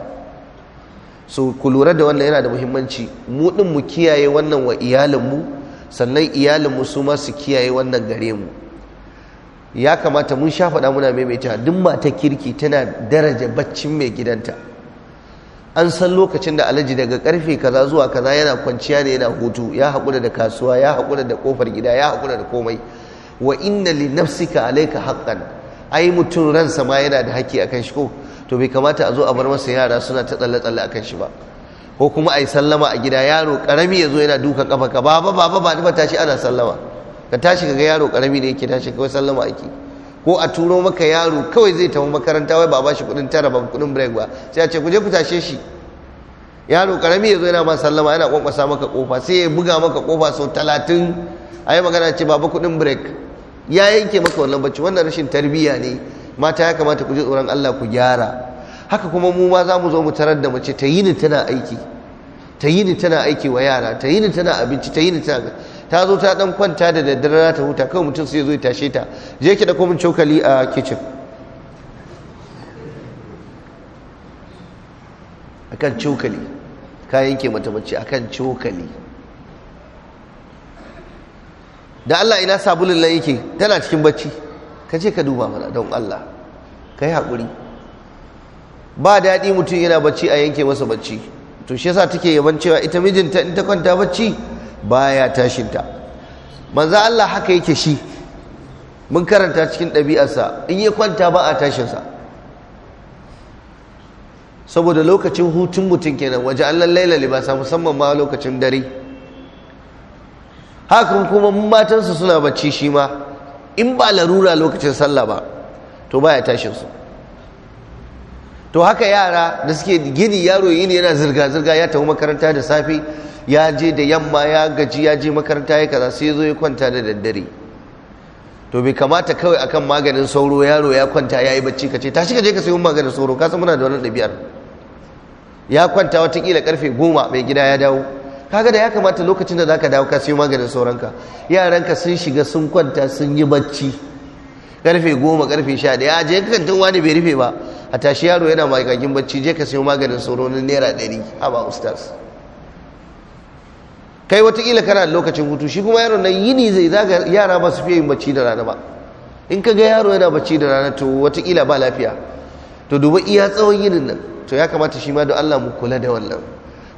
so ku lura da wannan yana da muhimmanci mu ɗin mu kiyaye wannan wa iyalinmu sannan iyalinmu su ma su kiyaye wannan gare mu ya kamata mun sha faɗa muna maimaita duk mata kirki tana daraja baccin mai gidanta an san lokacin da alhaji daga karfe kaza zuwa kaza yana kwanciya ne yana hutu ya haƙura da kasuwa ya haƙura da kofar gida ya haƙura da komai wa inna li nafsika alayka haqqan ai mutum ransa ma yana da haƙƙi akan shi ko to bai kamata a zo a bar masa yara suna ta tsalle tsalle akan shi ba ko kuma ai sallama a gida yaro karami ya yana duka kafa ka baba baba ba ni ba tashi ana sallama ka tashi kaga yaro karami ne yake tashi kawai sallama ake ko a turo maka yaro kawai zai tafi makaranta wai ba ba shi kudin tara ba kudin break ba sai a ce ku je ku tashe shi yaro karami ya zo yana ma sallama yana kwankwasa maka kofa sai ya buga maka kofa sau talatin a yi magana ce baba kudin break ya yanke maka wannan bacci wannan rashin tarbiyya ne mata ya kamata ku ji tsoron Allah ku gyara haka kuma mu ma za mu zo mu tarar da mace ta yini tana aiki ta yini tana aiki wa yara ta yini tana abinci ta yini tana ta zo ta dan kwanta da daddare ta huta kawai mutum sai zo ya tashe ta je ki da komin cokali a kicin, akan cokali ka yanke mata bacci akan cokali da Allah ina sabulun nan yake tana cikin bacci ka ce ka duba mana don Allah ka yi haƙuri ba daɗi mutum yana bacci a yanke masa bacci to shi yasa take yaban cewa ita mijinta in ta kwanta bacci baya tashinta manzo Allah haka yake shi mun karanta cikin ɗabi'arsa in ya kwanta ba a tashinsa saboda lokacin hutun mutum kenan waje Allah laila libasa musamman ma lokacin dare hakan kuma matansa suna bacci shi ma in ba larura lokacin sallah ba to baya tashinsu to haka yara da suke gini yaro yini yana zirga-zirga ya tafi makaranta da safe ya je da yamma ya gaji ya je makaranta ya kaza sai zo ya kwanta da daddare to bai kamata kawai akan maganin sauro yaro ya kwanta ya yi bacci ka ce tashi ka je ka sayi maganin sauro ka san muna da wannan ɗabi'ar ya kwanta watakila karfe goma mai gida ya dawo kaga da ya kamata lokacin da zaka dawo ka sayi maganin yaran yaranka sun shiga sun kwanta sun yi bacci karfe goma karfe sha ɗaya je ka kantin wani bai rufe ba a tashi yaro yana magagin bacci je ka sayi maganin sauro na naira ɗari a ustaz kai watakila kana lokacin hutu shi kuma yaron nan yini zai zaga yara ba su fiye yin bacci da rana ba in ka ga yaro yana bacci da rana to watakila ba lafiya to duba iya tsawon yinin nan to ya kamata shi ma da Allah mu kula da wannan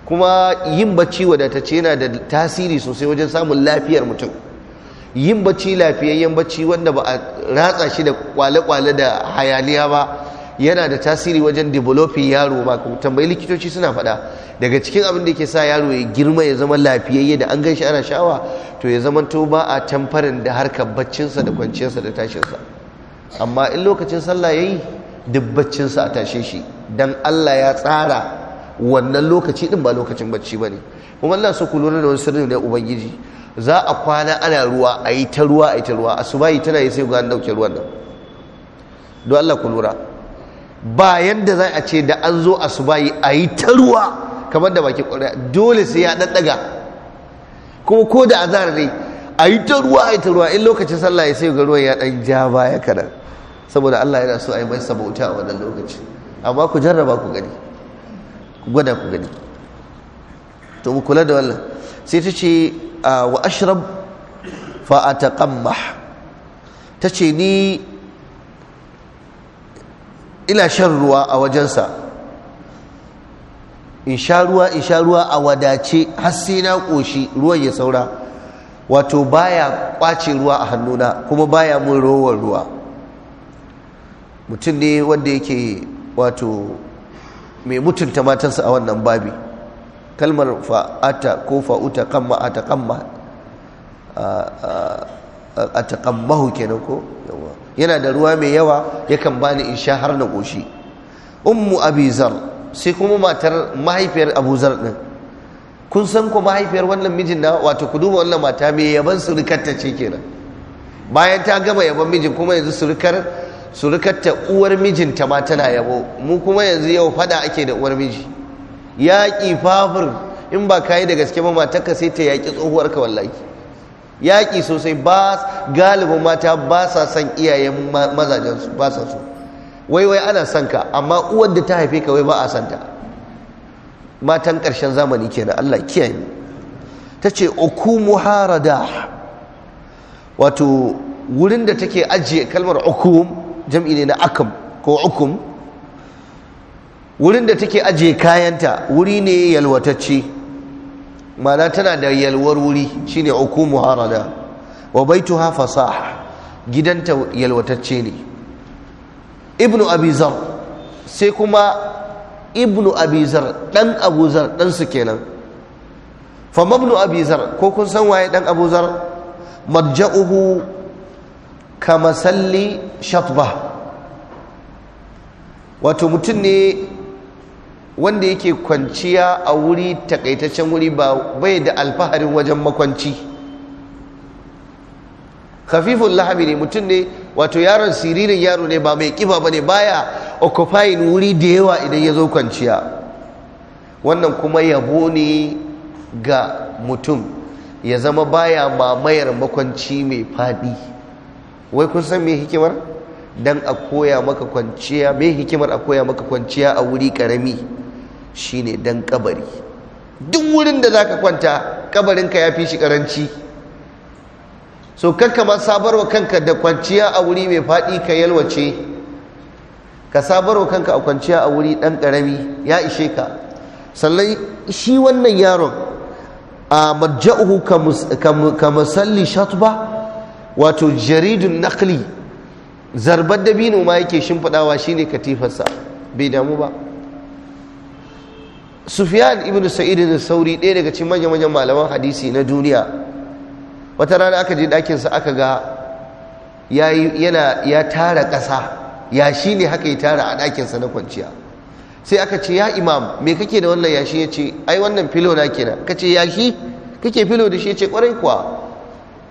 kuma yin bacci wadatacce yana da tasiri sosai wajen samun lafiyar mutum yin bacci lafiyayyen bacci wanda ba a ratsa shi da kwale-kwale da hayaniya ba yana da tasiri wajen developing yaro ba ku tambayi likitoci suna faɗa daga cikin abin da ke sa yaro ya girma ya zama lafiyayye da an gan shi ana shawa to ya zama to ba a tamfarin da harkar baccinsa da kwanciyarsa da tashinsa amma in lokacin sallah ya yi duk baccinsa a tashe shi don allah ya tsara wannan lokaci din ba lokacin bacci ba ne kuma allah su ku da wani sirri na ubangiji za a kwana ana ruwa a yi ta ruwa a yi ta ruwa asubahi tana yi sai ga an ɗauke ruwan nan don allah ku lura ba yadda za a ce da an zo a su bayi a yi ta ruwa kamar da baki ƙwarya dole sai ya ɗaɗɗaga kuma ko da azahar ne a yi ta ruwa a yi ta ruwa in lokacin sallah ya sai ga ruwan ya ɗan ja baya kaɗan saboda allah yana so a yi mai sabauta a wannan lokaci amma ku jarraba ku gani ku gwada ku gani to mu kula da wannan sai ta ce ah, wa ashrab fa ataqammah ta ce ni ina shan ruwa a wajensa in sha ruwa in sha ruwa a wadace har sai na ƙoshi ruwan ya saura wato baya kwace ruwa a hannuna kuma baya mun rowar ruwa mutum ne wanda yake wato mai mutunta matansa a wannan babi kalmar fa'ata ko fa'uta kamma a taƙamma a taƙammahu kenan ko yana da ruwa mai yawa yakan bani in sha har na ƙoshi ummu abizar sai kuma matar mahaifiyar abuzar ɗin kun san ku mahaifiyar wannan mijin na wato ku duba wannan mata mai yaban surukarta ce kenan bayan ta gama yaban mijin kuma yanzu surukar surukarta uwar mijinta ma tana yabo mu kuma yanzu yau fada ake da uwar miji yaƙi fafur in ba ka yi da gaske ba matarka sai ta yaƙi ka wallahi yaƙi sosai ba galibin mata ba sa son iyayen su ba sa so wai wai ana san ka amma uwar da ta haife ka wai ba a son ta matan ƙarshen zamani kenan Allah kiyaye ta ce ukumu da wato wurin da take ajiye kalmar ukum jam'i ne na akam ko ukum wurin da take ajiye kayanta wuri ne yalwatacce mana tana da yalwar wuri shine uku muharada wa ha fasaha gidanta yalwatacce ne ibnu abizar sai kuma ibnu abizar dan abuzar dan su kenan fa mabnu abizar ko kun san waye dan abuzar marja'uhu kama salli shatba wato mutum ne wanda yake kwanciya a wuri takaitaccen wuri ba bai da alfaharin wajen makwanci khafifun lahabi ne mutum ne wato yaron siririn yaro ne ba mai kiba ba ne baya occupying wuri da yawa idan ya zo kwanciya wannan kuma yabo ne ga mutum ya zama baya mamayar makwanci mai faɗi wai kun san mai hikimar? dan a koya maka kwanciya mai hikimar a koya maka kwanciya a wuri karami shine dan kabari duk wurin da zaka kwanta kabarinka ya fi shi karanci so kanka ma sabarwa kanka da kwanciya a wuri mai faɗi ka yalwace ka sabarwa kanka a kwanciya a wuri ɗan ƙarami ya ishe ka sannan shi wannan yaron a majja'uhu ka musalli shatuba wato jaridun nakli zarbar dabino ma yake shimfiɗawa shine katifarsa bai damu ba sufyan ibn sa'id da sauri ɗaya daga cikin manyan manyan malaman hadisi na duniya wata rana aka je ɗakinsa aka ga yana ya tara ƙasa ya shi ne haka ya tara a ɗakinsa na kwanciya sai aka ce ya imam me kake da wannan yashi ya ce ai wannan filo na kenan ka yashi kake filo da shi ya ce kwarai kuwa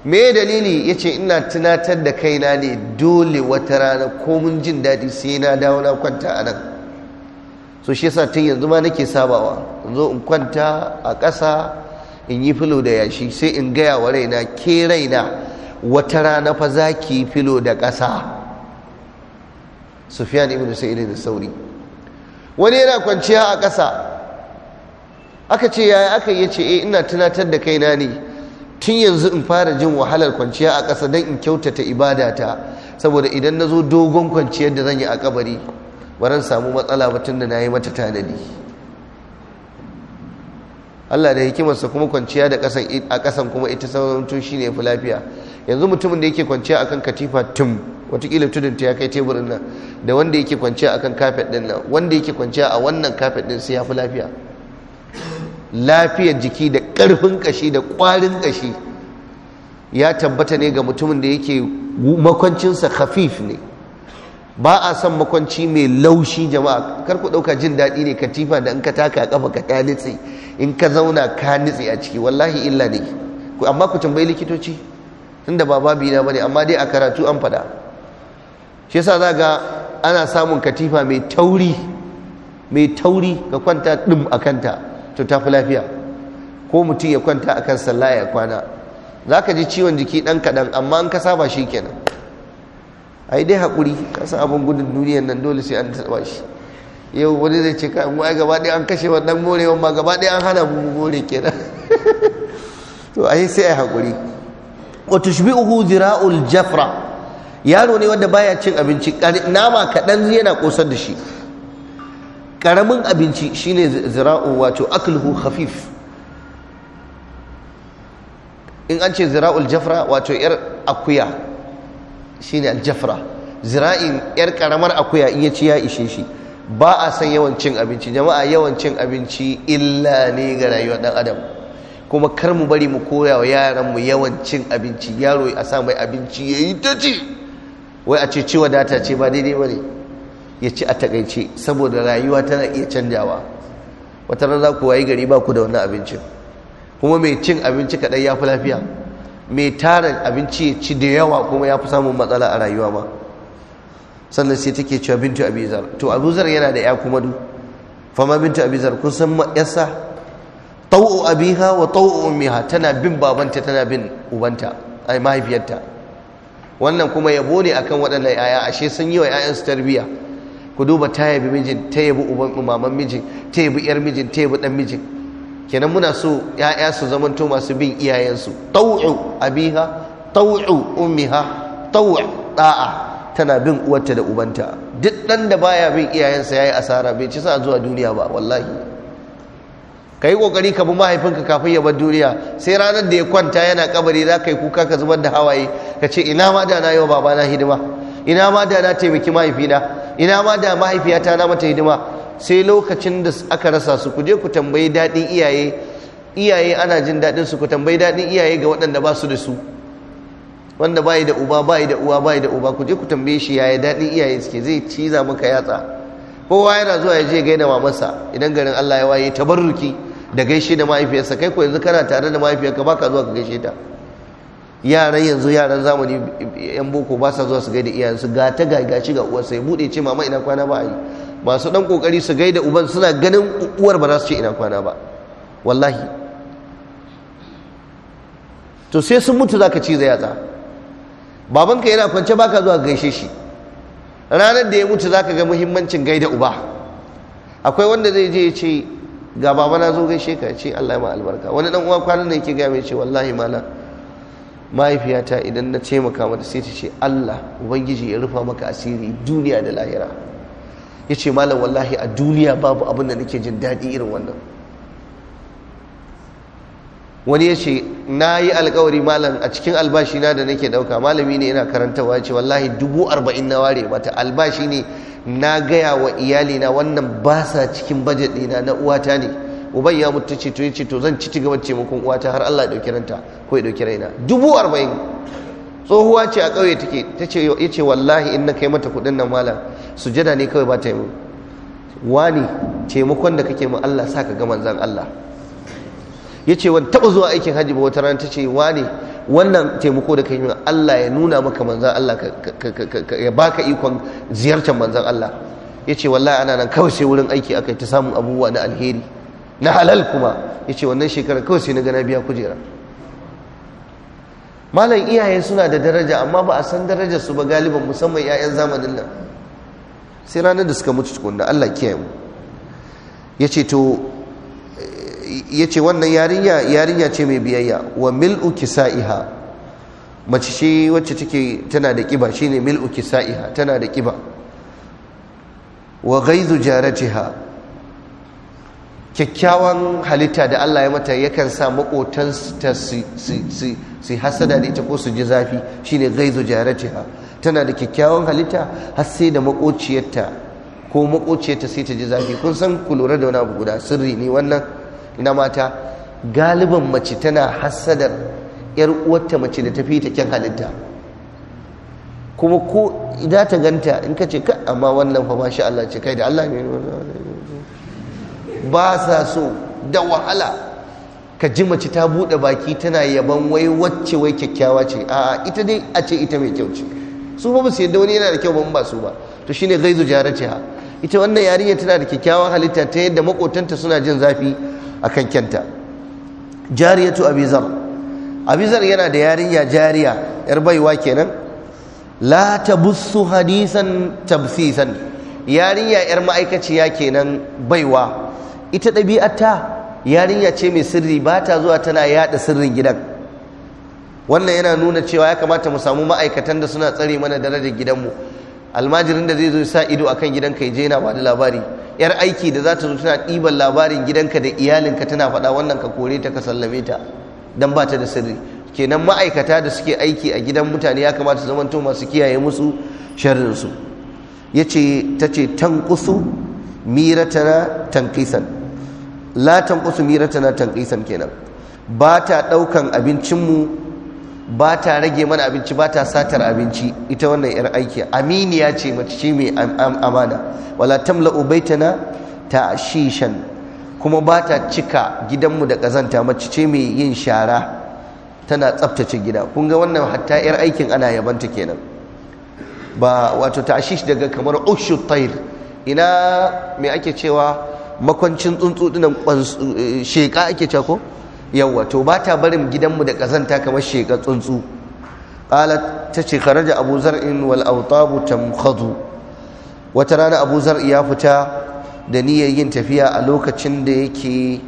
me dalili ya ce ina tunatar da kaina ne dole wata rana komun jin daɗi sai na dawo na kwanta a nan so shi yasa tun yanzu ma nake sabawa zo in kwanta a ƙasa in yi filo da yashi sai in gaya wa raina ke raina wata rana fa za ki yi filo da ƙasa ne ibn sa'id da sauri wani yana kwanciya a ƙasa aka ce yaya aka yi ce eh, ina tunatar da kaina ne tun yanzu in fara jin wahalar kwanciya a ƙasa don in kyautata ibadata saboda idan na zo dogon kwanciyar da zan yi a kabari baran samu matsala ba tun da na yi mata tanadi Allah da hikimarsa kuma kwanciya da a ƙasan kuma ita tun shi ne fi lafiya yanzu mutumin da yake kwanciya akan katifa tum watakila tudun ta ya kai teburin nan da wanda yake kwanciya akan kafet din nan wanda yake kwanciya a wannan kafet din sai ya fi lafiya lafiyar jiki da ƙarfin ƙashi da ƙwarin ƙashi ya tabbata ne ga mutumin da yake makwancinsa khafif ne ba a son makwanci mai laushi jama'a kar ku ɗauka jin daɗi ne katifa da in ka taka ƙafa ka ta nitse in ka zauna ka nitse a ciki wallahi illa ne amma ku tambayi likitoci tunda ba babu na ne amma dai a karatu an faɗa shi yasa za ga ana samun katifa mai tauri mai tauri ka kwanta ɗin a kanta to tafi lafiya ko mutum ya kwanta akan sallaya ya kwana za ka ji ciwon jiki ɗan kaɗan amma an ka saba shi kenan ai dai haƙuri kasa abin gudun duniyan nan dole sai an taɓa shi yau wani zai ce ka mu gaba ɗaya an kashe wannan morewan ma gaba ɗaya an hana mu more kenan to ai sai ai haƙuri wa tushbi'uhu zira'ul jafra yaro ne wanda baya cin abinci nama kaɗan yana ƙosar da shi karamin abinci shine zira'u wato akluhu khafif in an ce zira'u aljafra wato yar akuya shine aljafra zira'in yar karamar akuya in ya ci ya ishe shi ba a san yawan cin abinci jama'a yawan cin abinci illa ne ga rayuwar dan adam kuma kar mu bari mu koya wa yaran mu yawan cin abinci yaro a sa mai abinci yayi ta ci wai a ce ci wadata ce ba daidai bane ne ya ci a takaice saboda rayuwa tana iya canjawa wata rana ku wayi gari ba ku da wannan abinci. kuma mai cin abinci kaɗai ya fi lafiya mai tarin abinci ya ci da yawa kuma ya fi samun matsala a rayuwa ma sannan sai take cewa bintu abizar to abuzar yana da ya kuma du fama bintu abizar kun san yasa tau'u abiha wa tau'u ummiha tana bin babanta tana bin ubanta ai mahaifiyarta wannan kuma yabo ne akan waɗannan yaya ashe sun yi wa yayansu tarbiyya ku duba ta yabi mijin ta yabi uban maman mijin ta yabi yar mijin ta yabi dan mijin kenan muna so ya'ya su zamanto masu bin iyayensu tau'u abiha tau'u ummiha tau'u da'a tana bin uwarta da ubanta duk dan da baya bin iyayensa yayi asara bai ci sa zuwa duniya ba wallahi kai kokari ka bi mahaifinka kafin ya bar duniya sai ranar da ya kwanta yana kabari za ka yi kuka ka zubar da hawaye ka ce ina ma da na yau baba na hidima ina ma da na taimaki mahaifina ina ma da mahaifiyata na mata hidima sai lokacin da aka rasa su ku je ku tambayi daɗin iyaye iyaye ana jin daɗin su ku tambayi daɗin iyaye ga waɗanda ba su da su wanda bayi da uba bayi da uwa bayi da uba ku je ku tambaye shi yaya daɗin iyaye suke zai ciza maka yatsa kowa yana zuwa ya je gaida mamarsa idan garin Allah ya waye tabarruki da gaishe da mahaifiyarsa kai ko yanzu kana tare da mahaifiyarka baka zuwa ka gaishe ta yaran yanzu yaran zamani yan boko ba sa zuwa su gaida iyayensu ga ta ci ga uwarsa ya bude ce mama ina kwana ba yi masu dan kokari su gaida uban suna ganin uwar ba za su ce ina kwana ba wallahi to sai sun mutu zaka ci zai yatsa babanka yana kwance baka zuwa gaishe shi ranar da ya mutu zaka ga muhimmancin gaida uba akwai wanda zai je ya ce ga baba na zo gaishe ka ce Allah ya ma albarka wani dan uwa kwanan ne yake ga mai ce wallahi malam mahaifiyata idan na ce mata sai ta ce Allah ubangiji ya rufa maka asiri duniya da lahira ya ce malam wallahi a duniya babu abin da nake jin daɗi irin wannan wani ya ce na yi alkawari malam a cikin albashi na da nake ɗauka malami ne yana karantawa ya ce wallahi dubu arba'in na ware mata albashi ne na gaya wa iyalina wannan ba sa cikin bajet ɗina na uwata ne uban ya mutu ce to yace to zan ci gaban taimakon ta har Allah ya dauki ranta ko ya dauki raina dubu arba'in tsohuwa ce a ƙauye take ta ce ya ce wallahi in na kai mata kuɗin nan malam jada ne kawai ba ta yi mu wani taimakon da kake mu Allah sa ka ga manzan Allah ya ce wani taɓa zuwa aikin hajji ba wata rana ta ce wani wannan taimako da kai mu Allah ya nuna maka manzan Allah ya baka ikon ziyartar manzan Allah ya ce wallahi ana nan kawai sai wurin aiki aka yi ta samun abubuwa na alheri na halal kuma ya ce wannan shekarar kawai sai na gana biya kujera malam iyaye suna da daraja amma ba a san daraja su ba galiban musamman 'ya'yan zamanin nan sai ranar da suka mutu da Allah kiyaye mu ce to wannan yarinya yarinya ce mai biyayya wa mil'u kisaiha mace ce wacce take tana da kiba shine mil'u kisaiha tana da kiba wa ghaizu jaratiha kyakkyawan halitta da Allah ya mata yakan sa ta su hasada da ita ko su ji zafi shine gaizo jaratiha tana da kyakkyawan halitta har sai da makociyarta ko makociyarta sai ta ji zafi kun san ku lura da wani abu guda sirri ne wannan na mata galiban mace tana hasadar yar uwarta mace da tafi ta kyan halitta kuma ko idan ta ganta in ka ce ka amma wannan fa masha Allah ce kai da Allah ne ba sa so da wahala ka ji mace ta buɗe baki tana yaban wai wacce wai kyakkyawa ce a ita dai a ce ita mai kyau ce su ba su yadda wani yana da kyau ba ba su ba to shine gaizu ha ita wannan yarinya tana da kyakkyawan halitta ta yadda makotanta suna jin zafi a kan kyanta jariyatu abizar abizar yana da yarinya jariya yar baiwa kenan la bus'u hadisan tabsisan yarinya yar ma'aikaciya kenan baiwa ita ɗabi'arta yarinya ce mai sirri ba ta zuwa tana yaɗa sirrin gidan wannan yana nuna cewa ya kamata mu samu ma'aikatan da suna tsare mana darajar gidanmu almajirin da zai zo sa ido akan gidan gidanka je yana ba da labari yar aiki da za ta zo tana ɗiban labarin gidanka da iyalinka tana faɗa wannan ka kore ta ka sallame ta dan ba ta da sirri kenan ma'aikata da suke aiki a gidan mutane ya kamata zaman to masu kiyaye musu sharrinsu yace ce tankusu miratana tankisan la tana tana tanqisan kenan ba ta daukan abincinmu ba ta rage mana abinci ba ta satar abinci ita wannan yar aiki aminiya ce mace ce mai amana wala tana ta shishan kuma ba ta cika gidanmu da kazanta mace ce mai yin shara tana tsaftace gida kun ga wannan hatta yar aikin ana yabanta kenan ba wato shish daga kamar ushu tayr ina me ake cewa makwancin tsuntsu dinan eh, sheka ake cewa ko yawa to ba ta barin gidanmu da kazanta kamar sheka tsuntsu qalat ce kharaja abu zar'in wal awtabu tamkhadu wata rana abu zar ya fita da niyyar yin tafiya a lokacin da yake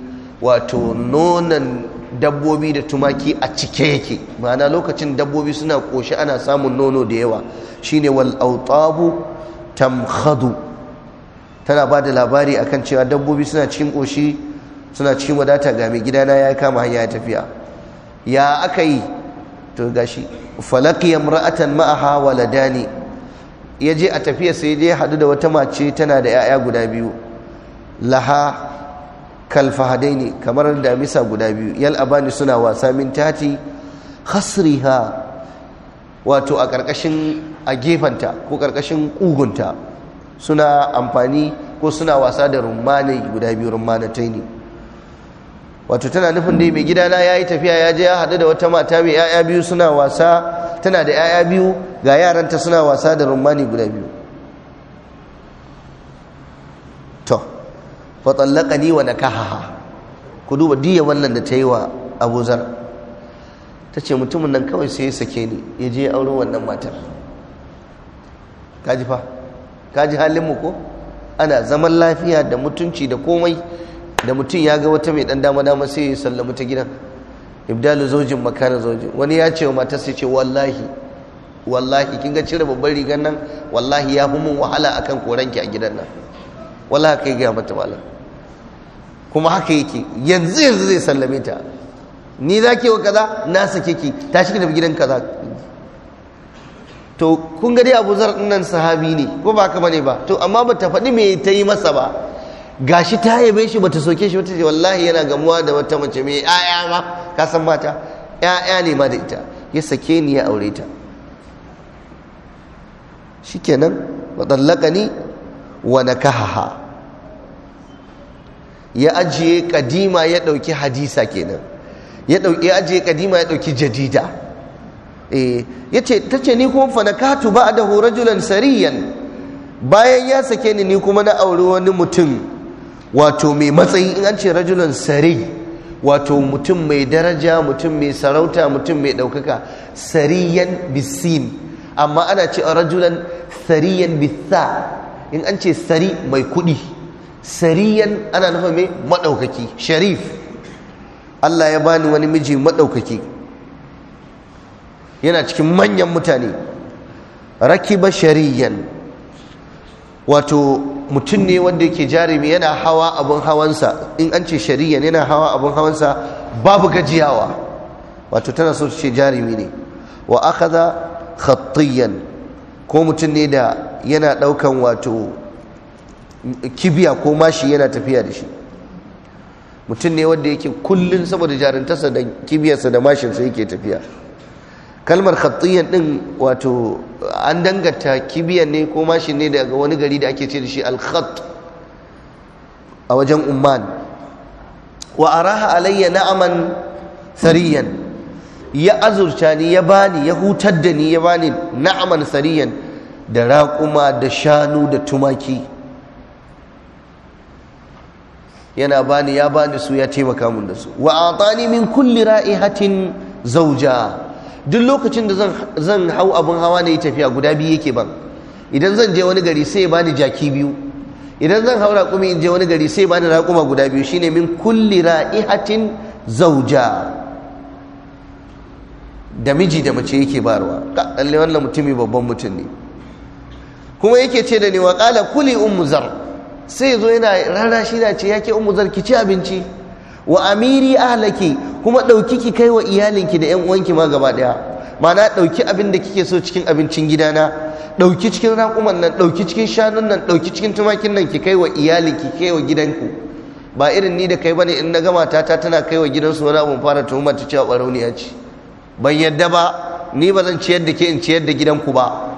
wato nonan dabbobi da tumaki a cike yake ma'ana lokacin dabbobi suna koshi ana samun nono da yawa shine wal autabu tamkhadu tana ba da labari akan cewa dabbobi suna cikin ƙoshi suna cikin wadata ga mai gidana ya kama hanya ya tafiya ya aka yi to gashi falaqiya imra'atan ma'aha ya je a tafiya sai je hadu da wata mace tana da 'ya'ya guda biyu laha ne kamar damisa guda biyu yal abani suna wasa min tati khasriha wato a karkashin a gefanta ko karkashin kugunta suna amfani ko suna wasa da rummanai guda biyu rummanatai ne wato tana nufin dai mai gidana ya yi tafiya ya je ya haɗu da wata mata mai 'ya'ya biyu suna wasa tana da 'ya'ya biyu ga yaranta suna wasa da rummani guda biyu to fatsallaka ni wa na kahaha ku duba diya wannan da ta yi wa abuzar ta ce mutumin nan kawai sai ya sake ni ya je auren wannan matar ji fa ka ji halin mu ko ana zaman lafiya da mutunci da komai da mutum ya ga wata mai dan dama dama sai ya sallama ta gidan ibdalu zaujin makana zaujin wani ya ce wa mata sai ce wallahi wallahi kin ga cire babban rigar nan wallahi ya fi mun wahala akan koranki a gidan nan wallahi kai ga mata wala? kuma haka yake yanzu yanzu zai sallame ta ni za wa kaza na sake ki tashi ki tafi gidan kaza to kun ga dai Abu Zar nan sahabi ne ko ba ka bane ba to amma bata faɗi me ta yi masa ba gashi ta yabe shi bata soke shi ta ce wallahi yana gamuwa da wata mace mai yaya ma ka san mata ne ma da ita ya sake ni ya aure ta shikenan wadallaqani wa nakahaha ya ajiye kadima ya ɗauki hadisa kenan ya ajiye kadima ya dauki jadida Eh, yace tace ni kuma fa ba da rajulan sariyan bayan ya sake ni ni kuma na auri wani mutum wato mai matsayi in an ce rajulan sari wato mutum mai daraja mutum mai sarauta mutum mai ɗaukaka sariyan bisin amma ana ce rajulan sariyan bisa in an ce sari mai kuɗi sariyan ana nufin mai maɗaukaki sharif Allah ya bani wani miji maɗaukaki yana cikin manyan mutane rakiba shariyan wato mutum ne wanda yake jarumi yana hawa abin hawansa in an ce shariyan yana hawa abin hawansa babu gajiyawa wato tana so ce jarumi ne wa aka za khattiyan ko mutum ne da yana daukan wato kibiya ko mashi yana tafiya da shi mutum ne wanda yake kullun saboda jarintarsa da kibiyarsa da mashinsa yake tafiya kalmar khattiyan din wato an danganta kibiyan ne ko mashin ne daga wani gari da ake ce da shi al-khat a wajen umman wa araha alayya na'aman sariyan ya azurta ni ya bani ya hutar da ni ya bani na'aman sariyan da raƙuma da shanu da tumaki yana bani ya bani su ya taimaka mun da su wa atani min kulli ra'ihatin zauja duk lokacin da zan hau abin hawa na yi tafiya guda biyu yake ban idan zan je wani gari sai bani jaki biyu idan zan hau raƙumi in je wani gari sai bani raƙuma guda biyu shine min kulli ra'ihatin zauja da miji da mace yake barwa lalle wannan mutumi babban mutum ne kuma yake ce da ni wa qala kuli ummu zar sai zo yana rarashi shi da ce yake ummu zar ki ci abinci wa amiri ahlaki kuma ɗauki ki kai wa iyalinki da 'yan uwanki ma gaba ɗaya mana ɗauki abin da kike so cikin abincin gidana ɗauki cikin raƙuman nan ɗauki cikin shanun nan ɗauki cikin tumakin nan ki kai wa iyalinki kai wa gidanku ba irin ni da kai bane in na gama tata tana kai wa gidansu wani abun fara tuhuma ta cewa ɓarauniya ce ban yadda ba ni ba zan ciyar da ke in ciyar da gidanku ba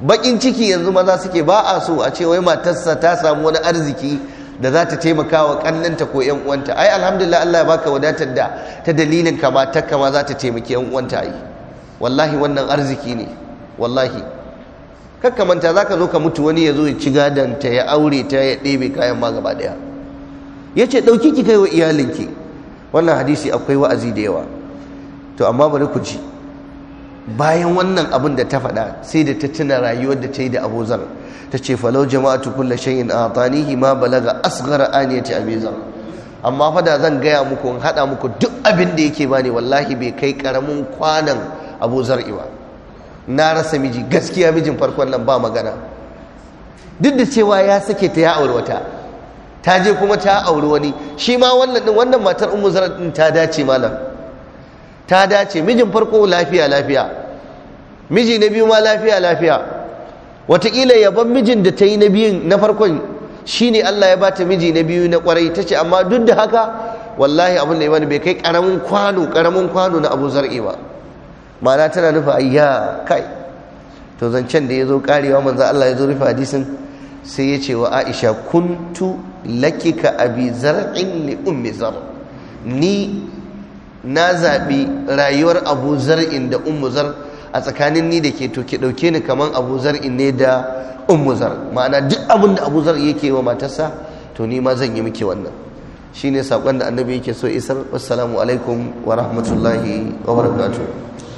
Baƙin ciki yanzu maza suke ba a so a ce wai matarsa ta samu wani arziki da za ta taimaka wa ƙannanta ko yan uwanta ai alhamdulillah Allah ya baka wadatar da ta dalilin ka ba ta kama za ta taimaki yan uwanta wallahi wannan arziki ne wallahi ka manta ka zo ka mutu wani ya zo ya ci gadon ta ya aure ta ya ɗebe kayan ma gaba daya ce ɗauki ki kai wa iyalinki wannan hadisi akwai wa'azi da yawa to amma bari ku ji bayan wannan abin da ta faɗa sai da ta tuna rayuwar da ta yi da abuzar ta ce falau jama'atu kulla shay'in atanihi ma balaga asghara aniyati abizar amma fada zan gaya muku in haɗa muku duk abin da yake bani wallahi bai kai karamin kwanan abuzar iwa na rasa miji gaskiya mijin farkon nan ba magana duk da cewa ya sake ta ya auri wata ta je kuma ta auri wani shi ma wannan wannan matar ummu din ta dace malam ta dace mijin farko lafiya lafiya miji na biyu ma lafiya lafiya wataƙila yaban mijin da ta yi na biyun na farkon shine Allah ya bata miji na biyu na kwarai ta ce amma duk da haka wallahi abin da ya bani bai kai karamin kwano karamin kwano na abu zar'i ba ma'ana tana nufa ayya kai to zancen da ya zo karewa manzo Allah ya zo rufe hadisin sai ya ce wa Aisha kuntu lakika abi zar'in li ummi zar ni na zaɓi rayuwar abu zar'in da umu zar a tsakanin ni da ke to ɗauke ni kamar abu zar'in ne da umu zar ma'ana duk abin da abu zar yake wa matarsa to ni ma zan yi miki wannan shine saƙon da annabi yake so isar wassalamu alaikum wa rahmatullahi wa barakatuh